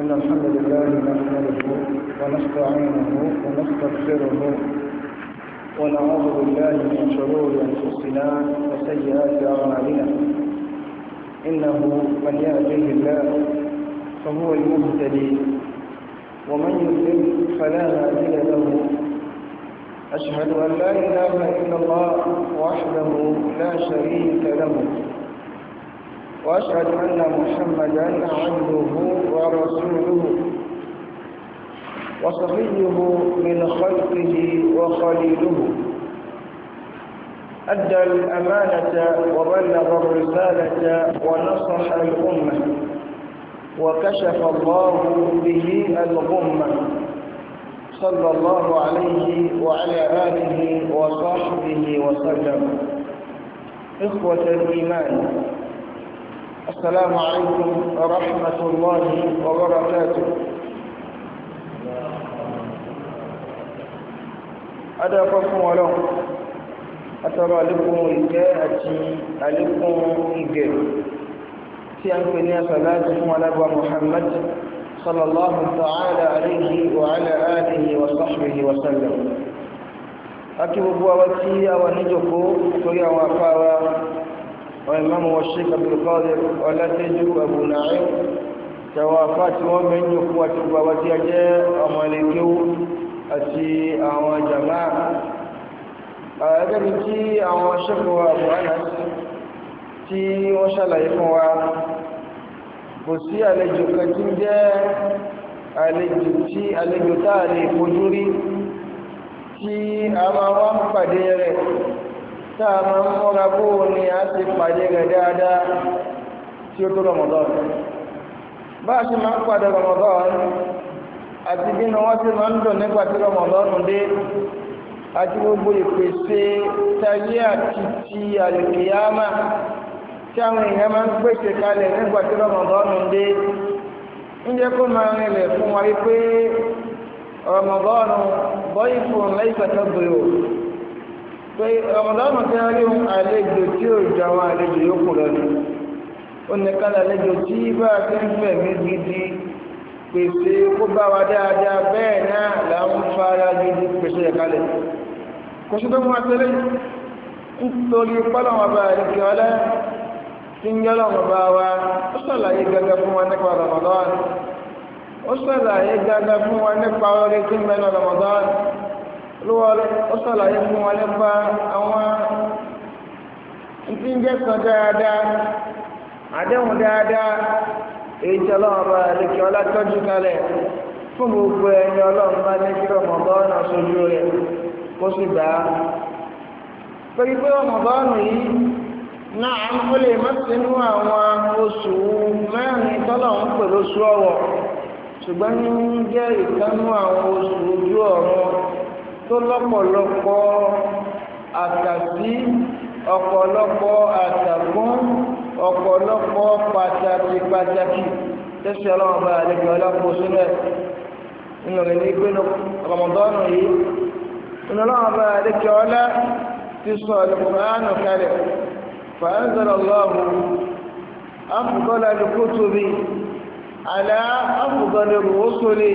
إن الحمد لله نحمده ونستعينه ونستغفره ونعوذ بالله من شرور أنفسنا وسيئات أعمالنا إنه من يهده الله فهو المهتدي ومن يضلل فلا هادي له أشهد أن لا إله إلا الله وحده لا شريك له وأشهد أن محمدا عبده ورسوله وصفيه من خلقه وخليله أدى الأمانة وبلغ الرسالة ونصح الأمة وكشف الله به الغمة صلى الله عليه وعلى آله وصحبه وسلم إخوة الإيمان السلام عليكم ورحمة الله وبركاته أدعوكم ولو أترى لكم إجاءة لكم إجاء سيأكل يا صلاتكم على محمد صلى الله تعالى عليه وعلى آله وصحبه وسلم أكبر بوابتي ونجكو سوريا وفاوا والإمام والشيخ عبد القادر ولا تجد أبو نعيم توافات ومن يقوة ووتيجة أمالكو أتي أو جماعة أجل تي أو شيخ وأبو أنس تي وشاء يقوى بسي عليك كتنجة عليك تي عليك تاري فجوري تي أمام قديري tá a máa ń múra bó o a ti pàdé rẹ̀ dáadáa tí ó tó Ramadan bá a ṣe máa ń pàdé Ramadan àti bí wọn ṣe máa ń dùn nígbà tí Ramadan dé àti gbogbo ìpèsè àti ti àlùkìyámà tí àwọn èèyàn máa ń pèsè kalẹ̀ nígbà tí Ramadan dé ń jẹ́ kó máa rinlẹ̀ fún wa wípé Ramadan gbèrò. pé ọmọdọ́mọ tí wọ́n rí ohun àlejò tí ò ju àwọn àlejò yòókù lọ ni ó ní ká lálejò tí bá a ti ń fẹ̀mí gidi pèsè kó bá wa dáadáa bẹ́ẹ̀ náà là ń fara gidi pèsè ẹ̀ka lẹ̀ kò sí tó mú wa tẹ́lẹ̀ nítorí pálọ̀wọ̀n bá a rí kí ọlá tí ń yọ́lọ̀ wọn bá wa ó sàlàyé gẹ́gẹ́ fún wa nípa Ramadan ó sàlàyé gẹ́gẹ́ fún wa nípa orí tí ń bẹ́ẹ̀ lọ lọ́wọ́ ó sọ̀làyé fún wọn nípa àwọn kan dáadáa àdéhùn dáadáa èyí tí ọlọ́run bá kalẹ̀ fún gbogbo ẹni ọlọ́run bá ní kí ọmọbọ́ọ̀nù sojú rẹ̀ kó sì yìí náà ó lè má àwọn oṣù mẹ́rin tọ́lọ́run ọ̀wọ̀ tó lọ́pọ̀lọpọ̀ àtàtì ọ̀pọ̀lọpọ̀ àtàkùn ọ̀pọ̀lọpọ̀ pàtàkì pàtàkì tẹ́sí ọlọ́run bá àlejò ọlọ́pọ̀ sílẹ̀ nínú rẹ̀ ní gbénu rọmọdọ́nù yìí nínú ọlọ́run bá àlejò ọlá ti sọ ọ̀lùkùnránù kalẹ̀ fàánzọ̀rọ̀ lọ́ọ̀hún afùgọ́lá lukútu bíi àlá afùgọ́lá rùwọ́sọ̀lẹ̀.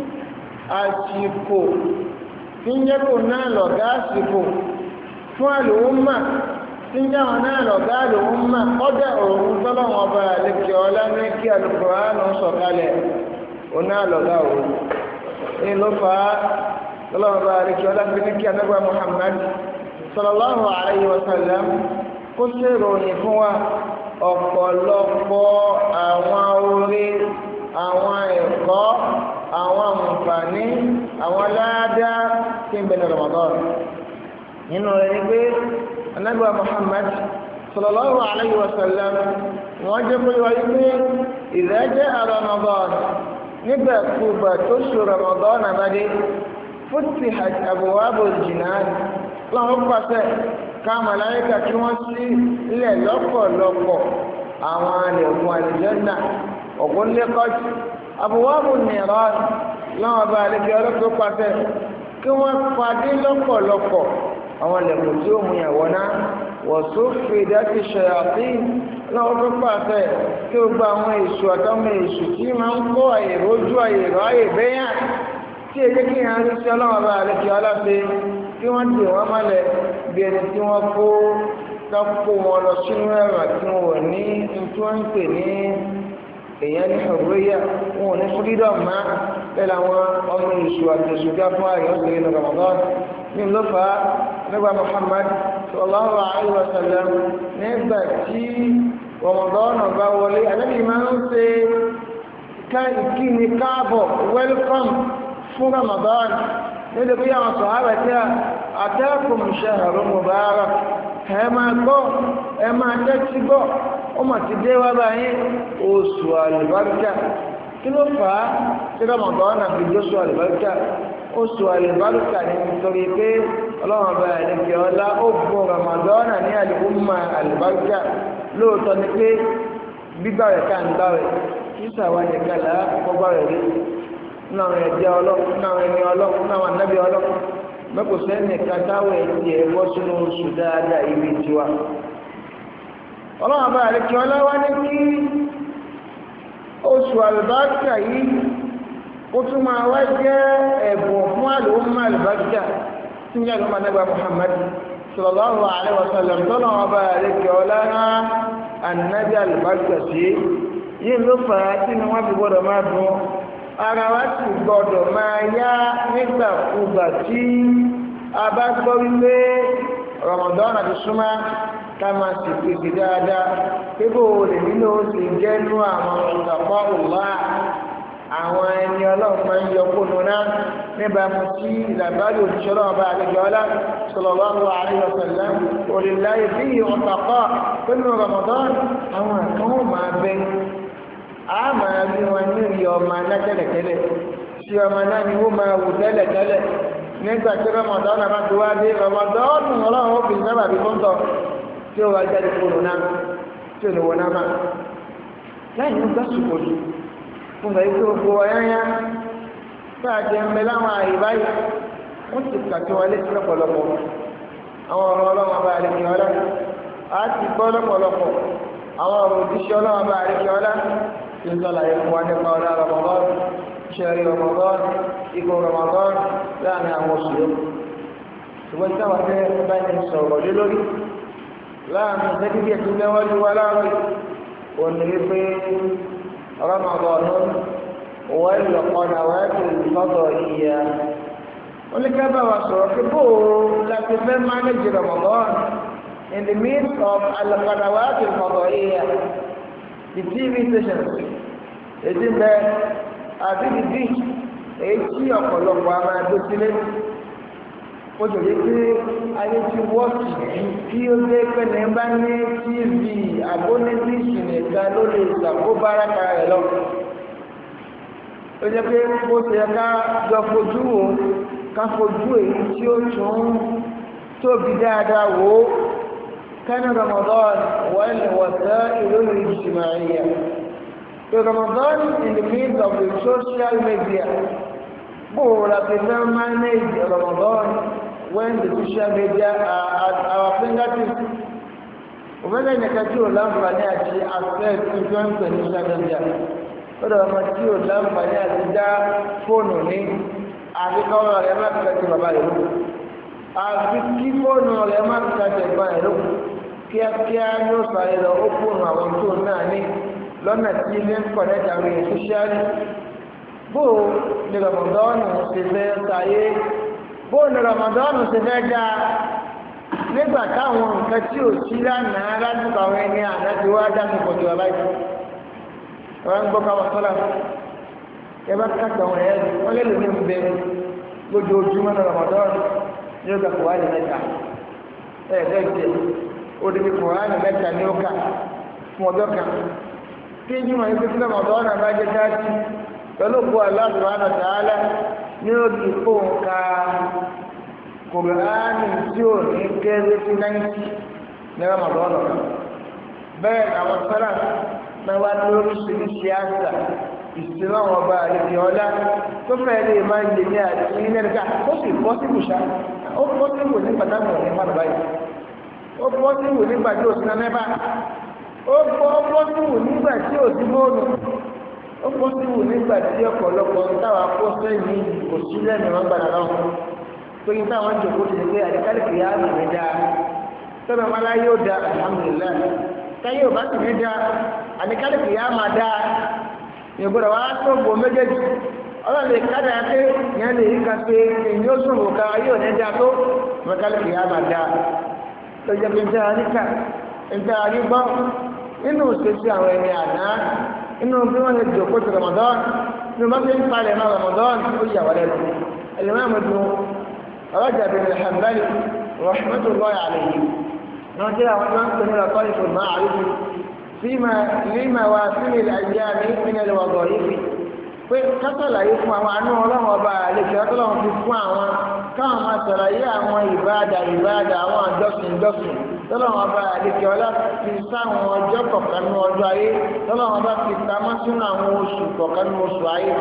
àsìkò tí ń jẹ́kò náà lọ̀gá àsìkò fún tí ń náà lọ̀gá òun tọ́lọ́wọ́n ọba àlekè ọlá ní kí sọ̀kalẹ̀ òun náà lọ̀gá òun ní ló tọ́lọ́wọ́n ọba àlekè ọlá ní kí Muhammad kó fún Ramadan nínú rẹ̀ ni pé anábíwá Muhammad sallallahu alayhi wa sallam wọ́n jẹ́ pé wáyé pé ìrẹ́jẹ́ Ramadan nígbàkúgbà tó ṣù Ramadan àbádé fúti àbúwábò jìnnà lọ́wọ́ pàṣẹ káàmà láyéka kí wọ́n sí ilẹ̀ lọ́pọ̀lọpọ̀ àwọn àlẹ̀kùn àlìjẹ́nà kí wọ́n fadé lọ́pọ̀lọpọ̀ àwọn ilẹ̀kùn tí ó mú ìyàwó náà wọ̀sùn fìdá ti ṣàyàtì lọ́wọ́ tó pàṣẹ kí o gba àwọn èṣù àtàwọn èṣù tí máa ń kó àyè rojú àyè rọ àyè bẹ́yà tí èké kí ìhàn ṣe ọlọ́wọ́ bá àlejò aláṣẹ kí wọ́n dè wọ́n mọ́lẹ̀ bí ẹni tí wọ́n kó tọ́pọ̀ wọn lọ sínú ẹ̀rọ tí wọ́n ní tí ń pè ní èèyàn ní ọ̀rọ̀ wọn ò ní fúrídọ̀ máa bẹ́ẹ̀ làwọn ọmọ ìṣù àti ìṣù ká fún àyàn sí Ramadan ní lọ́fà nígbà Muhammad sallallahu alaihi wa sallam nígbà tí Ramadan bá wọlé àlẹ́bí máa ń ṣe ká ìkíni káàbọ̀ welcome fún Ramadan nílé bí àwọn sọ̀hárà tí àtẹ́kùn shahrun mubarak ẹ máa gbọ́ ẹ máa tẹ́tí gbọ́ ó ti dé wá báyìí oṣù àlùbáríkà kí ló fà á tí rọmọdún náà fi jósù àlùbáríkà oṣù àlùbáríkà ni nítorí pé ọlọ́run ọba àlejò ọlá ó ọ na àlùbáríkà lóòótọ́ ni pé gbígbà rẹ̀ ká ń gbà rẹ̀ kí sàwọn nìkan là á kọ́ gbà rẹ̀ rí nínú ẹ̀jẹ̀ ẹni sínú oṣù àlùbáríkà yìí ó tún máa wá jẹ́ ẹ̀bùn fún àlùmọ́ àlùbáríkà tí ń yàgò máa nẹ́gbà Muhammad sallallahu alaihi wasallam tọ́nà ọba àlejò ọlára ànábì àlùbáríkà sí yìí ló fà á tí ni wọ́n fi gbọ́dọ̀ máa dùn ara wa sì gbọ́dọ̀ máa yá nígbàkúgbà tí a bá gbọ́ wípé Ramadan àti súnmọ́ ká máa sì pèsè dáadáa pébò olè nínú oṣù jẹ́nu àwọn ìgbàpá òwá àwọn ẹni ọlọ́run máa ń yọ kóno náà níbàámu sí ìlàbáyé òṣìṣọ́lọ́ ọba àlejò ọlá sallallahu alaihi wasallam òlìláyé bí ọ̀tàkọ́ pẹ̀lú Ramadan àwọn kan ó máa bẹ a máa rí wọn ní ìyá ọmọ alátẹ́lẹ̀tẹ́lẹ̀ tí ọmọ náà ni wọ́n máa wù tẹ́lẹ̀tẹ́lẹ̀ nígbà tí Ramadan náà bá ti wá dé Ramadan ọlọ́run ó fi sábàbí fún tọ́ tí ó wá jáde kúrò náà tí ò ní wọ náà bá láì ní gbà sùkò lù mo gbà yí pé gbogbo ọ̀yáyá bá a jẹ mbẹ láwọn àyè báyìí wọ́n ti kàtó wa létí lọ́pọ̀lọpọ̀ àwọn ọ̀rọ̀ ọlọ́wọ́n bá a lè fi ọlá a ti gbọ́ lọ́pọ̀lọpọ̀ àwọn ọ̀rọ̀ òdìṣẹ́ ọlọ́wọ́n bá a ọlá tí ń sọ̀lá yẹ fún wa nípa ọlá Ramadan ṣẹ̀rí Ramadan ikú Ramadan láàrin àwọn oṣù yẹn ṣùgbọ́n táwọn fẹ́ báyìí sọ̀rọ̀ lé lórí láàrin ìṣẹ́jú díẹ̀ tó jẹ́ wọ́n ju wa láàrin òní wípé Ramadan wọ́n lọ kọ́nà wọ́n ti lọ́dọ̀ ìyá wọ́n lè ká bá wa sọ̀rọ̀ pé bó láti fẹ́ mánéjì Ramadan in the midst of al-qadawat al-fadhiyya the TV stations èdè bẹ́ẹ̀ àti the beach èyí tí ọ̀pọ̀lọpọ̀ a máa dé sílé ó jọ yé pé ayé ti wọ́ọ̀kì ju kí ó lé pẹ̀lẹ́ bá ní tv abónétíìsì nìkan ló lè ṣàkóbá ara rẹ̀ lọ. ó jẹ́ pé bó ṣe yẹ ká jọ fojú wò ká fojú èyí tí ó tún tóbi dáadáa wò ó kẹ́nu Ramadan wọ́n lè wọ̀sẹ̀ ìlú ìjìmọ̀ àyà. Ramadan in the midst of the social media bóòrò àti fẹ́ manage Ramadan when the social media are at our fingertips òmìnira ìnìkan tí ò láǹfààní àti access influence ní social media ó dọ̀ ọmọ tí ò láǹfààní àti dá fóònù ní àfikọ́rọ̀ rẹ̀ má fi kàtẹ́ bàbá rẹ̀ lóko àfi kí fóònù rẹ̀ má fi kàtẹ́ bàbá rẹ̀ lóko kíákíá ní ó sàrẹ̀ lọ ó fóònù àwọn tó náà ní lọ́nà tí ilé ń kọ̀nẹ́tà rẹ̀ socially bó ni ramadanu ṣe fẹ́ sáyé bó ni ramadanu ṣe fẹ́ dá nígbà táwọn nǹkan tí ò sí lánàá lásìkò àwọn ẹni àná ti wá dá mi pọ̀ jù wá báyìí wọ́n ń gbọ́ káwọn sọ́lá ẹ bá kàtà wọn ẹ̀ wọ́n lè lómi ń bẹ lójoojúmọ́ ní ramadanu yóò gbà kó wá lè mẹ́ta ẹ̀ lẹ́jẹ̀ odidi kó wá lè mẹ́ta ní ó kà fún ọjọ́ kan kí ẹ̀jú mọ̀ ní pé sílẹ̀ mọ̀dọ́ náà bá pẹ̀lú kó aláàbò àtàlá ní òkè fóònka kòránì tí ò ní kéré sí náìtì ní ramadana bẹ́ẹ̀ àwọn sára náà wá lórí ṣiṣi àṣà ìsinmi àwọn ọba àlejò ọlá tó fẹ́ẹ́ lè máa ń lè ní àti ní ẹ̀ka ó sì bọ́ sí ìbùsà ó bọ́ sí ìwò ní pàtàkì ní ìpàdé báyìí ó bọ́ sí ìwò nígbà tí ò sí náà mẹ́fà ó bọ́ sí ìwò nígbà tí ò sí ó kó síwù nígbà tí ọ̀pọ̀lọpọ̀ táwa kó sẹ́yìn kò sí lẹ́nu wọn gbàdá náà pé kí táwọn jòkó ti gbé àdékálìkì yá mi mi dáa tọ́lá wọn lá yóò da alhamdulilayi táyé ò bá ti mi dáa àdékálìkì yá máa dáa ìgbọ́dọ̀ wá tó gbò méjèèjì ọlọ́run lè kádà pé yẹn lè yíka pé èyí ó sùn òkà yóò ní dáa tó àdékálìkì yá máa dáa tó pé ń tẹ́ àríkà ń tẹ́ àrígbọ́ nínú òṣèṣì انه ربنا يديه قلت رمضان انه ما ينفع لإمام رمضان قل يا ولد الإمام ابن رجب الحنبل رحمة الله عليه نعطي له ونعطي له طريق المعرفة فيما لما وافل الأيام من الوظائف فقتل يسمع عنه له وبالك قتلهم في السماء كما ترى يا ما عباده إبادة وان دفن دفن tọ́lọ́wọ́n bá àdékè ọlá fi sáwọn ọjọ́ kọ̀ọ̀kan ní ọjọ́ ayé tọ́lọ́wọ́n bá fi pamọ́ sínú àwọn oṣù kọ̀ọ̀kan ní oṣù ayé.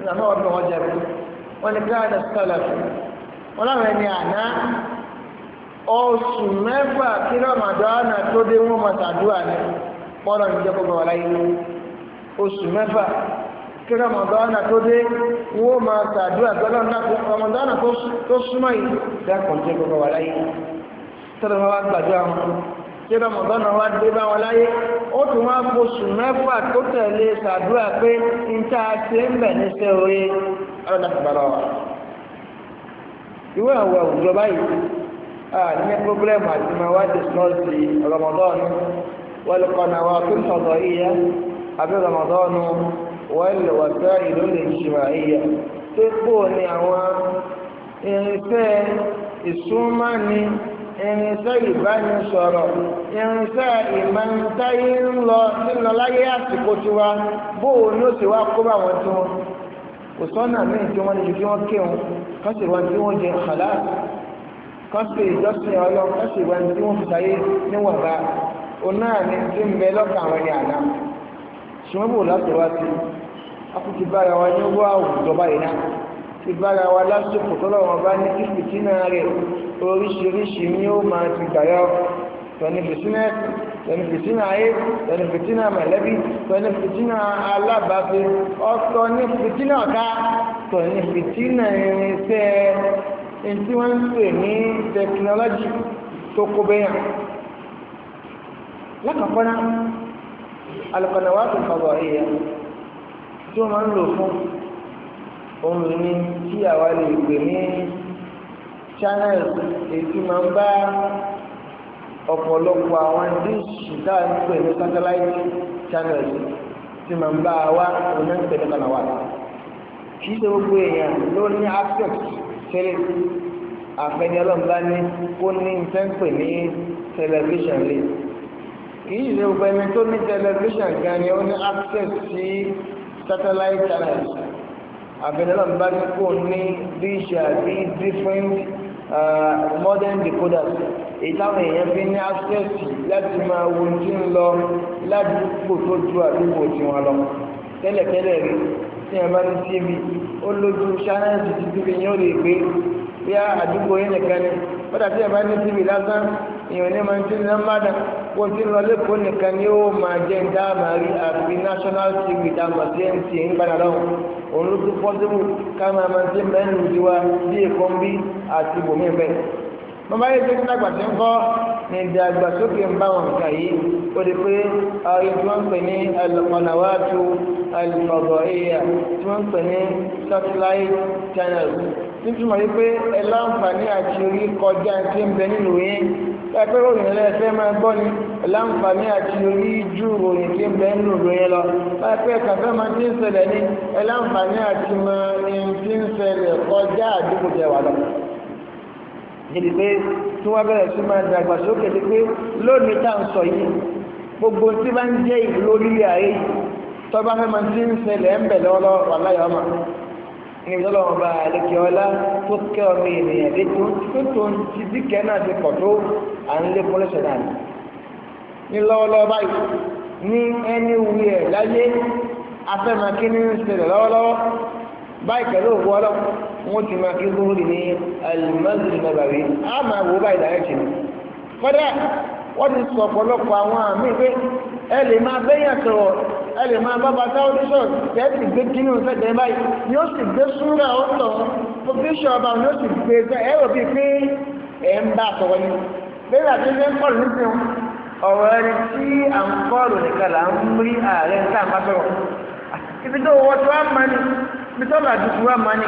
ìlànà ọ̀dọ̀ wọn jẹ̀bi wọn ni káàdà sọ̀lá fún wọn láwọn ẹni àná oṣù mẹ́fà kí rọ̀màdánà tó dé wọn máa ṣàdúrà ní pọ́nà níjẹ́ gbogbo wọn láyé oṣù mẹ́fà kí rọ̀màdánà tó dé wọn máa ṣàdúrà gbọ́dọ̀ rọ̀màdánà tó súnmọ́ yìí dákọ̀ níjẹ́ gbogbo wọn láyé tọ́lọ́ wọn wá gbàdúrà wọn tí rọmọdọ́nà wá dé bá wọn láyé ó tún wá oṣù mẹ́fà tó tẹ̀lé ṣàdúrà pé níta ṣe ń bẹ̀ níṣẹ́ orí ọlọ́dà bàbá wa. ìwé àwọn àwùjọ báyìí ní pọ́blẹ́mù àti máa wá dé sọ́ọ̀sì rọmọdọ́nù wọ́n kọ́ náà wá tó sọ̀tọ̀ ìyá àbí rọmọdọ́nù wọ́n wà sẹ́ ìlú lè ṣìwà ìyá tó pọ̀ ní àwọn irinṣẹ́ ìsúnmọ́ni. irinṣẹ́ ìbánisọ̀rọ̀ irinṣẹ́ ìmọ̀ntayé ń lọ nílọ láyé àsìkò tiwa bóò ní ó sì wá kó bá wọn tiwọn kò sọ́nà míì tí wọ́n níbi kí wọ́n kéwọn kán sì wọn tí wọ́n jẹ àlá kán sì ìjọsìn ọlọ́run kán sì wọn tí wọ́n fi níwọ̀nba òun náà ti ń bẹ àwọn ẹni àná ṣùgbọ́n bò láti wá sí bára wa ní owó oríṣiríṣi ni ó máa ti gbàyọ tọ́ni fìtínà tọ́ni fìtínà ayé tọ́ni fìtínà mọ̀lẹ́bí tọ́ni fìtínà alábàáfẹ́ ọ̀tọ̀ ní fìtínà ọ̀tá tọ́ni fìtínà irinṣẹ́ ẹni tí wọ́n ń pè ní tẹkinọ́lọ́jì tó kó bẹ́yàn lákàkọ́ náà alùpàdàwà tó fàbọ̀ ẹ̀yà tí wọ́n máa ń lò fún ohun ìní tí àwa lè pè ní channel èyí máa ń bá ọ̀pọ̀lọpọ̀ àwọn díṣì táwọn ń pè ní satellite channel tí máa ń bá a wá ọ̀nà ń tẹ̀lé kan wà. kì í ṣe gbogbo èèyàn ló ní access tẹ́lẹ̀ àfẹ́ni ọlọ́mọba ní kó ní nǹkan pè ní tẹlifíṣàn lè kì í ṣe gbogbo ẹni tó ní tẹlifíṣàn gan ni ó ní access sí satellite channel àfẹ́ni ní kó ní díṣì àti different. Uh, modern decoders èyí táwọn èèyàn fi ní access láti máa wo tí ń lọ ládùúgbò tó ju àdúgbò tiwọn lọ tẹ́lẹ̀tẹ́lẹ̀ rí tí wọ́n bá ní tv ó lójú channel tuntun tí yóò lè gbé bí àdúgbò yẹn nìkan ni bọ́dà tí yẹn bá ní tv lásán èèyàn ní máa ń tí ní nọ́mbàdàn bó ti lọ lẹ́kọ̀ọ́ nìkan ni ó máa jẹ́ dáàmà rí àfi national tv dáàmà tí ẹ̀ ń tì ń gbàdá lọ́wọ́ òun ló tún pọ́sibú káwọn máa ti mẹ́nu tiwa bí èkó ń bí àti bòmíì bẹ́ẹ̀. bàbá yìí tó ń dàgbà tí ń kọ́ ní ìdàgbàsókè ń bá wọn kà yìí ó di pé ààrẹ tí wọ́n ń pè ní alùpàlàwàtú alùpàbọ̀ èèyà tí wọ́n ń pè ní satellite channels nítumọ̀ yìí pé ẹ láǹfààní àti orí kọjá tí ń bẹ nínú yín ẹgbẹ́ ròyìn ẹlẹ́fẹ́ máa gbọ́ ni ẹ láǹfààní àti orí ju ròyìn tí ń bẹ nínú ròyìn lọ ẹgbẹ́ kàfẹ́ máa ti ń ṣẹlẹ̀ ní ẹ láǹfààní àti máa ní ti ń ṣẹlẹ̀ kọjá àdúgbò jẹ wà lọ. níbi pé tí wọ́n bẹ̀rẹ̀ sí máa dàgbà sókè ni pé lónìí tá à sọ yìí gbogbo tí bá ń jẹ́ ìlú orílẹ̀ ayé tọ́ ní ìdọ́lọ́wọ́n bá àlékè ọlá tó kẹ́ ọmọ ènìyàn dé tó tó tó ń ti dìkẹ́ náà ti pọ̀ tó à ń lé pọ́lẹ́sẹ̀ náà ni. ní lọ́wọ́lọ́wọ́ báyìí ní ẹni wí ẹ̀ láyé afẹ́màkí ní ń ṣẹlẹ̀ lọ́wọ́lọ́wọ́ báyìí pẹ̀lú òkú ọlọ́ wọn ti máa kí gbóhùn ní alimọ́sùn nàbàwí á máa wò báyìí dàrẹ́tì ni. kọ́dà wọ́n ti sọ ọ̀pọ̀lọpọ̀ àwọn àmì pé ẹ lè máa bẹ́yàn sọ̀rọ̀ ẹ lè máa bá bàtà oníṣọ̀ tẹ́ sì gbé kínú sẹ́gbẹ̀ báyìí ni ó sì gbé súnra ó sọ pọfíṣọ̀ ọba ni ó sì gbé sẹ́ e ẹ rò bíi pé ẹ ń bá sọ̀rọ̀ ni bẹ́ẹ̀ àti ṣe ń pọ̀ nísìn ọ̀rọ̀ ẹni tí à ń kọ́ ọ̀rọ̀ nìkan là ń rí ààrẹ ń tà ń sọ̀rọ̀ ibi tó wọ́n tó á máa ní bisọ́lá àdùkú wa máa ní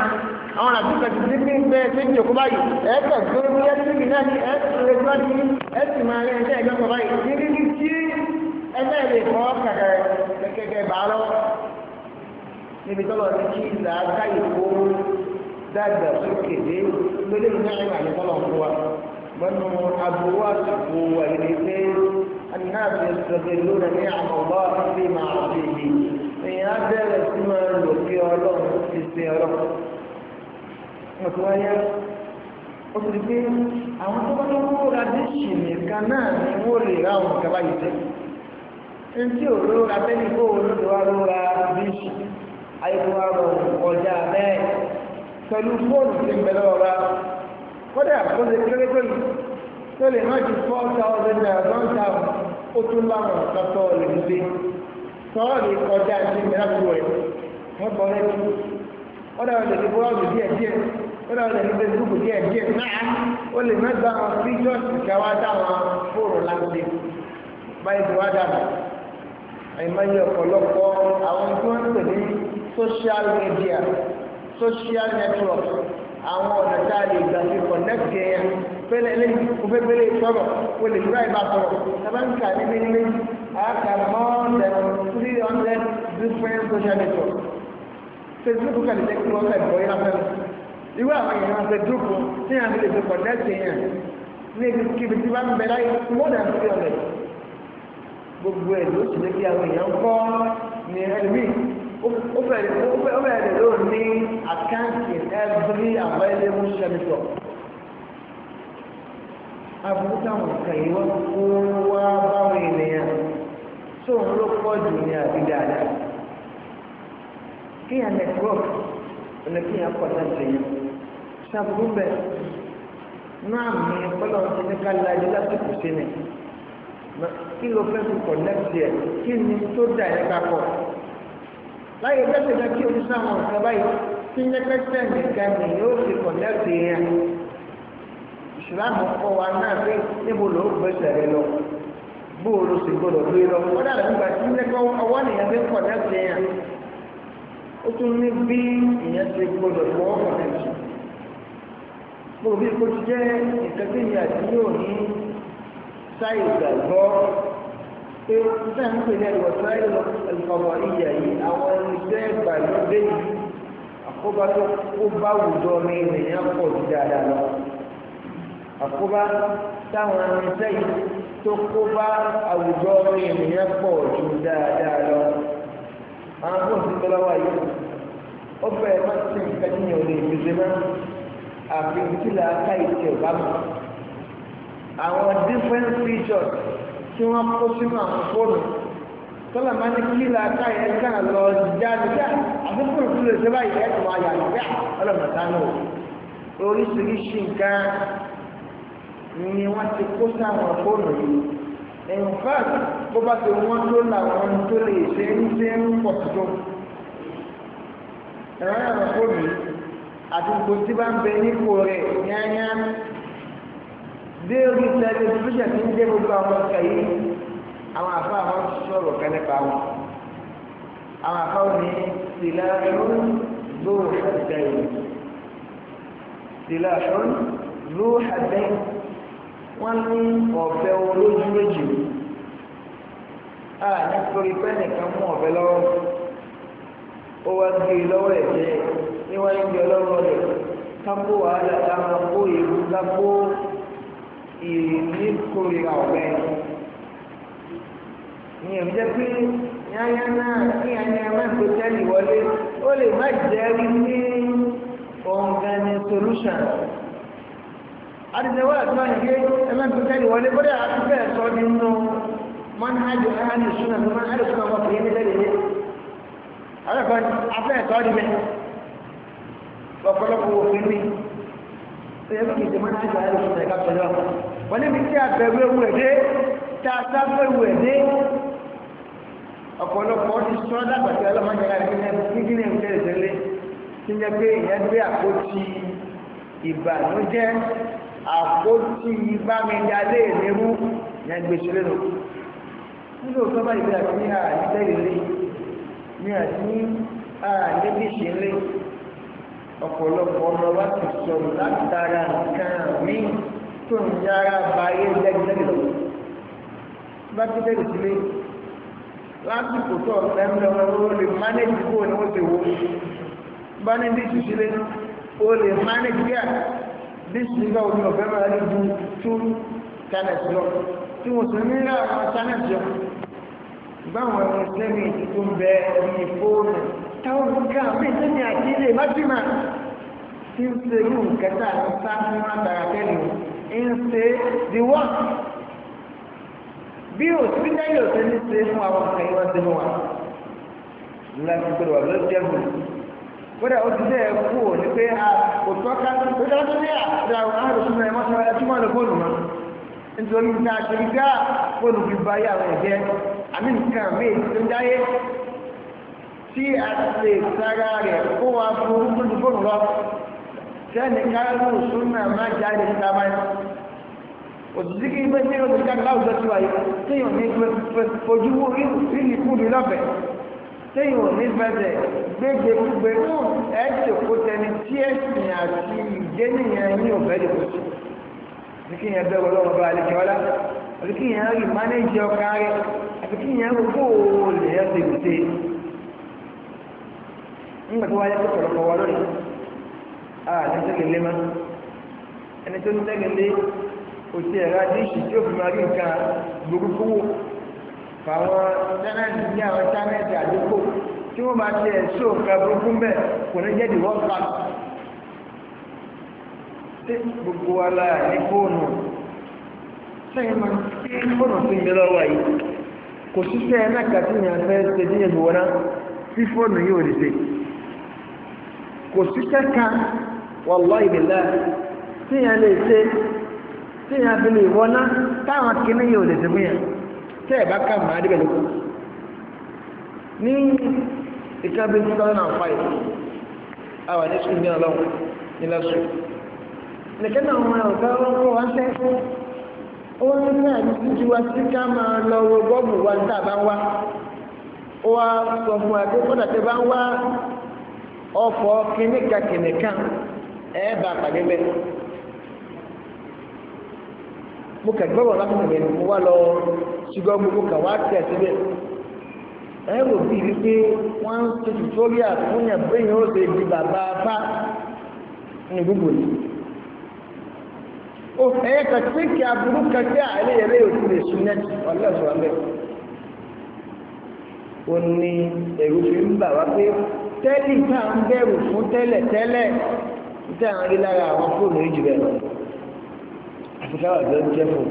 àwọn àdúgbò ti ti ní bẹ́ẹ̀ tó ń jòkó báyìí ẹ̀ẹ́dẹ̀ tó ń bí ẹ́sìnkì náà ní ẹ̀ẹ́dẹ̀ tó ń bí ẹ̀sì máa rí ẹ̀ẹ́dẹ̀ ẹ̀gbọ́n kan báyìí ní kíkí tí ẹgbẹ́ lè fọ́ kàkàrẹ̀ kẹ̀kẹ́ bá lọ níbi tọ́lọ̀ ní kí ìlà káyì kó dàgbà sókè dé lórí ìnáyà àti tọ́lọ̀ fún wa mọ́nú aburú àsìkò wà èèyàn á bẹ̀rẹ̀ sí máa lò bí ọlọ́run ti sin ọlọ́run wọ́n ti ó ti gbé àwọn tó bá lọ́wọ́ ra díṣì nìkan náà ni wọ́n lè yìí tí ò kó o ló wá ló ra díṣì ayélujára rọrùn ọjà bẹ́ẹ̀ pẹ̀lú fóònù tí ń bẹ lọ́wọ́ kọ́dà tó lè má ju four thousand naira one thousand ó tún lè sọ́ọ̀lì kọjá sí ìrìnàjò rẹ̀ wọ́n kọ́ lẹ́nu wọ́n dáwọ́ lè ní bọ́ọ̀lù díẹ̀ díẹ̀ wọ́n dáwọ́ lè ní fesibúùkù díẹ̀ díẹ̀ náà ó lè mẹ́gbà àwọn fíjọ́sì káwá dáwọn fóònù láti báyìí ti wá dànù ọ̀pọ̀lọpọ̀ social media social network àwọn ọ̀nà tá a lè gbà fẹ́lẹ́ lẹ́yìn mo fẹ́ fẹ́lẹ́ sọ̀rọ̀ mo lè fúra ìbá sọ̀rọ̀ ẹ̀fẹ́ ń kà ní méjì méjì àáka more than three hundred different social networks facebook kà lè jẹ́ kí wọ́n fẹ́ bọ́ yín lápẹ́ mi ìwé àwọn èèyàn máa fẹ́ group tí yàrá lè fi connect èèyàn ní ibi kíbi tí wọ́n bẹ láyé more than three hundred gbogbo ẹ̀ ló sì lè fi àwọn èèyàn kọ́ ní ẹlòmíì ó bẹ̀rẹ̀ ló ní account every available service aburú táwọn nǹkan yìí wọ́n kó wá báwọn ènìyàn sóun ló pọ̀ jù ní àbí dáadáa kíyàn ọ̀nà kíyàn pọ̀ náà ṣe náà mi kọ́lọ̀ ti ní ká lajú lásìkò sí ni kí ló fẹ́ fi pọ̀ nẹ́ẹ̀tì ẹ̀ kí ni tó dà yẹn ká pọ̀ láyé bẹ́ẹ̀ ṣe fẹ́ kí oníṣẹ́ àwọn nǹkan báyìí kí ní nìkan nìyẹn ó fi pọ̀ nẹ́ẹ̀tì yẹn. ìsìláàmù kọ́ wa náà pé níbo ló gbèsè rẹ lọ bóòlù sì gbọdọ̀ gbé lọ ndị dàbí dị tí lẹ́kọ́ ọwọ́ nìyẹn fi pọ̀ láti yẹn ó tún ní bí ìyẹn ti gbọdọ̀ bí kò jẹ́ nǹkan tí ìyẹn àti yóò ní gbàgbọ́ pé ń pè ní ìyà yìí àwọn àkóbá tó kó bá mi àkóbá táwọn irinṣẹ́ yìí tó kóbá àwùjọ ènìyàn pọ̀ ju dáadáa lọ. àwọn fóònù ti tọ́lá wà yìí ó bẹ̀rẹ̀ má ti ṣe nǹkan tí ò lè fi ṣe mọ́ àfi tí làákà ìṣe ò bá àwọn different features tí wọ́n kó sínú àwọn fóònù tọ́lá máa ní kí làákà yẹn kàn lọ jáde jáde àfi fóònù tó lè ṣe báyìí ẹ̀ tó máa yà lọ́gbà ọlọ́mọ̀tánù oríṣiríṣi nǹkan ni wọ́n ti kó sáwọn fóònù yìí in fact bó bá ti wọ́n tó làwọn tó lè ṣe ń ṣe ń pọ̀ tó ẹ̀rọ àwọn fóònù yìí àdúgbò tí bá ń bẹ nípò rẹ̀ yányá dé orí tẹlifíṣàn tí ń dé gbogbo àwọn ọ̀sẹ̀ yìí àwọn àfa àwọn sọ̀rọ̀ kan nípa wọn àwọn àfa wọn ní tìlárún lóòrùn àdéhùn tìlárún lóòrùn àdéhùn wọ́n ní ọ̀bẹ olójú méjì a ah, nítorí pé nìkan mú ọ̀bẹ lọ́wọ́ ó wá gbé e lọ́wọ́ ẹ̀ jẹ́ ní wọ́n ń jẹ lọ́wọ́ rẹ̀ kápó wàhálà ká máa kó èrú kápó ìníkórira ọ̀bẹ ní èmi jẹ́ pé yányá náà kí yányá má tó tẹ́lẹ̀ wọlé ó lè má jẹ́ rí ní ọ̀ǹgànì solution àdìsẹ́wọ́ àti wọ́n yẹ ẹlẹ́gbẹ̀ẹ́ wọlé bọ́dẹ̀ àti bẹ́ẹ̀ sọ ní nù man hajj ahli sunna ni man hajj sunna wọ́n fi yẹn lẹ́lẹ̀ yẹn àwọn kan afẹ́ sọ di bẹ́ẹ̀ ọ̀pọ̀lọpọ̀ òfin mi ṣe é kìí ṣe man hajj ahli sunna ẹ̀ka pẹ̀lú ọkọ̀ wọ́n níbi tí a bẹ̀rù ewu ẹ̀ dé tá a sáfẹ́ ewu ìbànújẹ́ àpótí ìbámidálé ìnirú yẹn gbèsè lẹ́nu nínú ọ̀sán báyìí bí àti àìsẹ́rì lé ní àti àìlébìsì lé ọ̀pọ̀lọpọ̀ ọmọ wa ti sọ̀rọ̀ látara nǹkan mí tó ń yára ba ayé jẹ́gẹ́dẹ́gẹ́ lọ. bá ti bẹ̀rẹ̀ sílé lásìkò tó ọ̀sẹ̀ ń lọ o lè mánéjì kó o wọ́n ti wò. bá ní bí ìṣìṣẹ́ lé lè mánéjì bí àti lísìí náà omi ọ̀fẹ́ máa ní ju two channels lọ tí mùsùlùmí náà àwọn channels lọ báwọn ẹ̀rọ sẹ́mi tó ń bẹ ẹ̀yìn fóònù táwọn nǹkan àmì ìsẹ́mi àti ilé májìmá tí ń ṣe irú kẹta àti sáfún látara tẹ́lẹ̀ ń ṣe the work bí òsì lẹ́yìn òsì ní ṣe fún àwọn nǹkan yìí wọ́n ti mú wa ńlá ti gbọdọ̀ wà lọ́jọ́ ìgbìmọ̀ kódà ó ti dẹ́ kú ò ní pé ah, kò tọ́ ká ó dára tó ní àdá àrùsùn náà ẹ̀mọ́sọ ẹtí mọ́ lọ fóònù mọ́ nítorí níta àṣírí gá ah, fóònù fi ba ayé àwọn ẹ̀jẹ̀ àmì nǹkan míì tó ń dáyé tí a lè sára rẹ̀ kó wa fún tó fóònù lọ sẹ́ni káàlù súnà má jáde níta báyìí òtútù kí n bẹ́ẹ̀ ní ọdún káàkiri láwùjọ tí wáyé téèyàn ní sẹ́yìn ò ní bẹ̀rẹ̀ gbégbégbé náà ẹ̀ tẹ̀kọ́ tẹni tí ẹ̀sìn àti ìjẹ́nìyàn yín ò bẹ́ẹ̀ lè kó sí kí yẹn bẹ́ẹ̀ wọlọ́wọ́ bá alẹ́ jọ́lá àbí kí yẹn rí mánéjì ọkà rẹ àbí kí yẹn rí kó o lè yẹ ṣe gbèsè ńgbà tó wáyé kókò lọ́kọ̀ wá lórí a ní sẹ́kẹ̀lé má ẹni tó ní sẹ́kẹ̀lé kò sí ẹ̀rọ adéṣì tí ó fàwọn sẹ́nẹ̀tì ní àwọn sẹ́nẹ̀tì àdúgbò tí wọ́n bá ti ẹ̀ sọ nǹkan burúkú mbẹ́ kò ní gbogbo wa la ní fóònù sẹ́yìn máa ń fóònù sí mi lọ́wọ́ yìí kò síṣẹ́ ẹ̀ náà kàtí ìyàn fẹ́ ṣe ní ìlú náà tí fóònù yìí ò lè ṣe. kò síṣẹ́ kan wallahi billah tí ìyàn lè ṣe tẹ́ ẹ̀ bá ká màá débẹ̀ lóko ní ìka bíi two thousand and five àwọn ní sùn ní ọlọ́run ní lọ́sùn nìkan náà wọn ọ̀gá ọlọ́run wá sẹ́ ó wá ní àyè títí sí ká máa lọ wa ó wá sọ fún wa pé bá ń wá kìnnìkan kìnnìkan mo kà gbọ́dọ̀ lásìkò yẹn mo wá lọ ṣùgbọ́n mo kà wá tẹ̀ síbẹ̀ ẹ wò bí wípé wọ́n ń ṣe tutorial fún yàn bẹ́yìn ó ṣe di bàbá bá ní gbogbo yìí ó fẹ́ yẹ kàtí kí aburú kàtí àlẹ́ yẹn lẹ́yìn òtún lè sùn náà ọ̀lẹ́ ọ̀sọ̀rọ̀ bẹ́ẹ̀ O ní ẹ̀rù fi ń bà wá pé tẹ́lí tá à ń bẹ̀rù fún tẹ́lẹ̀ tẹ́lẹ̀ níta àwọn rí lára àwọn fóònù yìí jù bẹ́ẹ̀ lọ fúláwà tó ń jẹ́ fún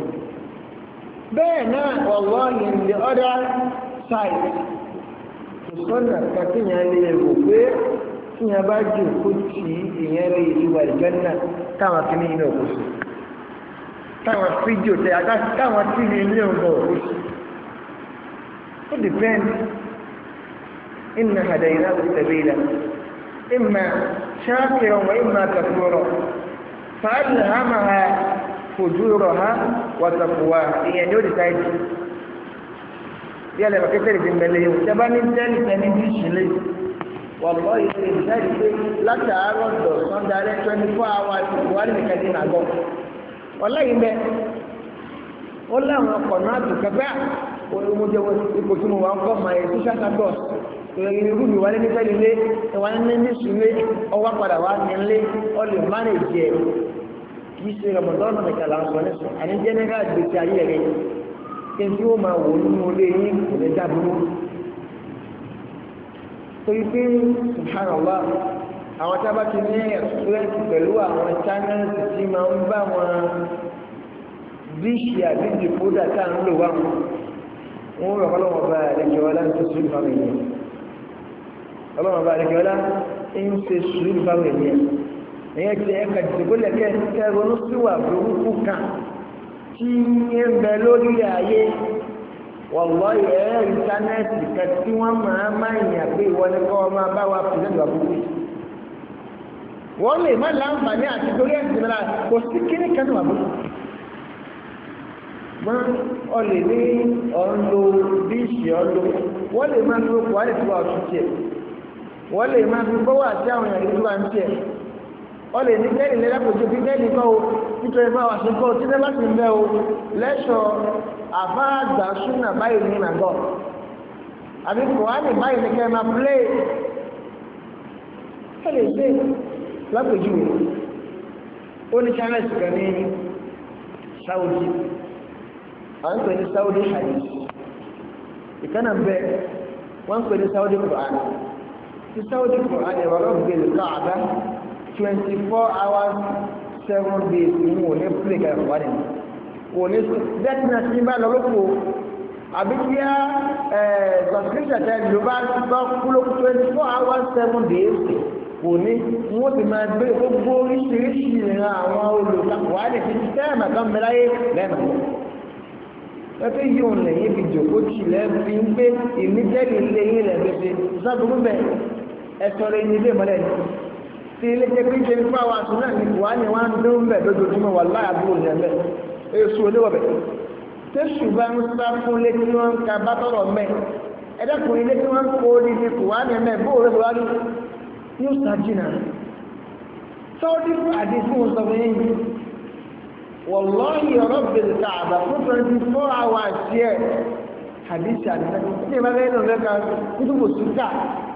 bẹ́ẹ̀ náà ọ̀wọ́ yẹn the other side ìsọ́nà kàtíyàn lè rò pé tíyàn bá jù kó tì í ìyẹn lè ìwà ìjọ́nà táwọn kìíní inú òkú sí táwọn fídíò tẹ táwọn tíìlì ilé òǹgbà òkú sí ó dìpẹ́ndì inna hadaynahu sabila imma shakiran wa imma kafura fa alhamaha fujuraha wa taqwaha ìyẹn ni ó di táyì bí ẹlẹ́wà kékeré fi mẹ́lẹ́ yìí ìjọba ní tẹ́lì tẹ́lì bí ìṣìlẹ̀ wọ̀lọ́ ìṣe ìṣẹ́lì pé látàárọ̀ dọ̀ sọ́ndalẹ́ twenty four hours buhari nìkan dín nàgọ́ ọlẹ́yìn bẹ́ẹ̀ ó láwọn ọkọ̀ náà tó kẹfẹ́ olùmọdé wọn ipò tí mo wà ń kọ́ máa yẹ social service ìròyìn irú mi wálé nífẹ̀ẹ́ nílé ìwà ní ní ọwọ́ padà wá ní lé ọ lè má kì í ṣe rọmọdọ́nù nìkan là ń sọ ní sùn àní jẹ́nẹ́rà gbèsè ayé rẹ̀ kí n tí ó máa wò nínú ilé yín kò ní dábúrú. torí pé subhanallah àwọn tábà ti ní ẹ̀sùpẹ́ǹsì pẹ̀lú àwọn chánẹ́ẹ̀sì tí máa ń bá wọn díṣì àbí dìkódà tá à ń lò wá wọn. wọ́n rọ̀ ọlọ́wọ́n bá ẹ̀jẹ̀ wọlá ń tó sùúrù fáwọn ènìyàn ọlọ́wọ́n bá ẹ̀jẹ̀ wọlá ń ṣe sùúrù fáwọn ènìyàn. ẹ̀yẹ́ ti ẹ̀ka ìdìbòlẹ̀ kẹrọnú síwà burúkú kan tí ń bẹ lórí ayé wọ̀wọ́ ìntánẹ́ẹ̀tì kan tí wọ́n máa máa yàn pé ìwọ ni kọ́ máa bá wa pèsè ìgbà burúkú wọ́n lè má láǹfààní àti torí ẹ̀sìn náà kò sí kíní kan wà burúkú mọ ọlẹ ní wọ́n lè má wà tiẹ̀ wọ́n lè má fi bọ́wọ́ àti àwọn ń tiẹ̀. wọ́n lè ní kẹ́lì lẹ́lẹ́kọ̀ọ́jú bí kẹ́lì kọ́ o nítorí fún àwọn àṣekọ́ tí lẹ́bà sì ń bẹ́ o lẹ́ṣọ̀ àfáàgbà súnà báyìí ní màgọ́ àbí kòhánì báyìí ní kẹ́ máa pílé kẹ́lì ṣe lápèjú o ní channels kan ní Saudi à ń pè ní Saudi hadith ìkànnà bẹ wọ́n ń pè ní Saudi Quran ti Saudi Quran ẹ̀rọ ọ̀gbìn káàbá twenty four hours seven days ni wò ní play kẹrẹ kọ wá dẹ wò ní sùn bẹ́ẹ̀ tí nàá ti bá lọ lóko àbí kí á subscription tẹ ló bá gbọ́ kúlókù twenty four hours seven days wò ní wọn ti máa gbé gbogbo oríṣiríṣi ìran àwọn olùkọ́ wà ní ti tẹ́ẹ̀mà kan mẹ́lá yé lẹ́nu pẹ́pẹ́ yìí òun lẹ́yìn fi jòkó tì lẹ́bi ń gbé ìmíjẹ́lì lẹ́yìn lẹ́bi ṣe ṣáàbùkù bẹ́ẹ̀ ẹ̀tọ́ lẹ́yìn ilé ìmọ̀lẹ́ni tí ilé jẹ́ pé twenty four hours náà ní wàá ní wàá dún bẹ́ẹ̀ lójoojúmọ́ wà láyà àbúrò yẹn bẹ́ẹ̀ èso oníwọ̀bẹ̀ tẹ́sù bá ń sá fún ilé tí wọ́n ń ka bátọ́rọ̀ mẹ́ ẹ̀dẹ́kùn ilé tí wọ́n ń kó ní ní kò wá ní mẹ́ bóòrò ló wá ní yóò sá jìnnà sọ́ọ́dí fún àdéhùn sọ̀rọ̀ yìí wọ̀lọ́ọ̀yì ọ̀rọ̀ bèrè káàbà fún twenty four hours yẹ àdéhùn àdéhùn ní ìbáfẹ́ náà lẹ́ka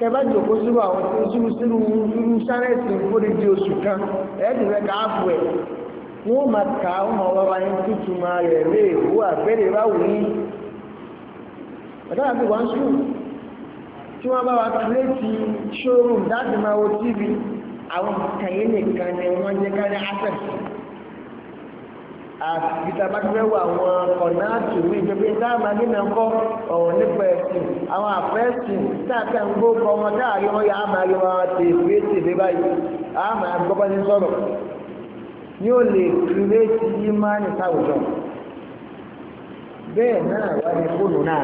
kẹfẹ́ jòkó sírú àwọn tí ó sírú sírú sírú sáyẹ́ǹsì fódìdí oṣù kan ẹ̀ẹ́dìrẹ́ káàbù ẹ̀ wọ́n máa kà á máa wá wáyé tútù máa rẹ̀ lé èwú àbẹ́rẹ́ bá wù ní. ọ̀dọ́ àbí wọ́n sùn tí wọ́n bá wa kílẹ̀tì showroom dáàbì máa wo tv àwọn kàyé nìkan ni wọ́n jẹ́ kárí access àgbìtàbákẹ́wò àwọn ọ̀nà àtúwì ìjọba táàmù adínàkọ́ ọ̀rọ̀ nípa ẹ̀sìn àwọn àfẹ́sìn táàkà ń gbó kọ́ wọn káàrí wọn yà á máa yọ wọn tèfé tèfé báyìí á máa gbọ́kọ́ ní sọ̀rọ̀ ni ó lè kírètì ìmánì sáwùjọ bẹ́ẹ̀ náà wà ní fóònù náà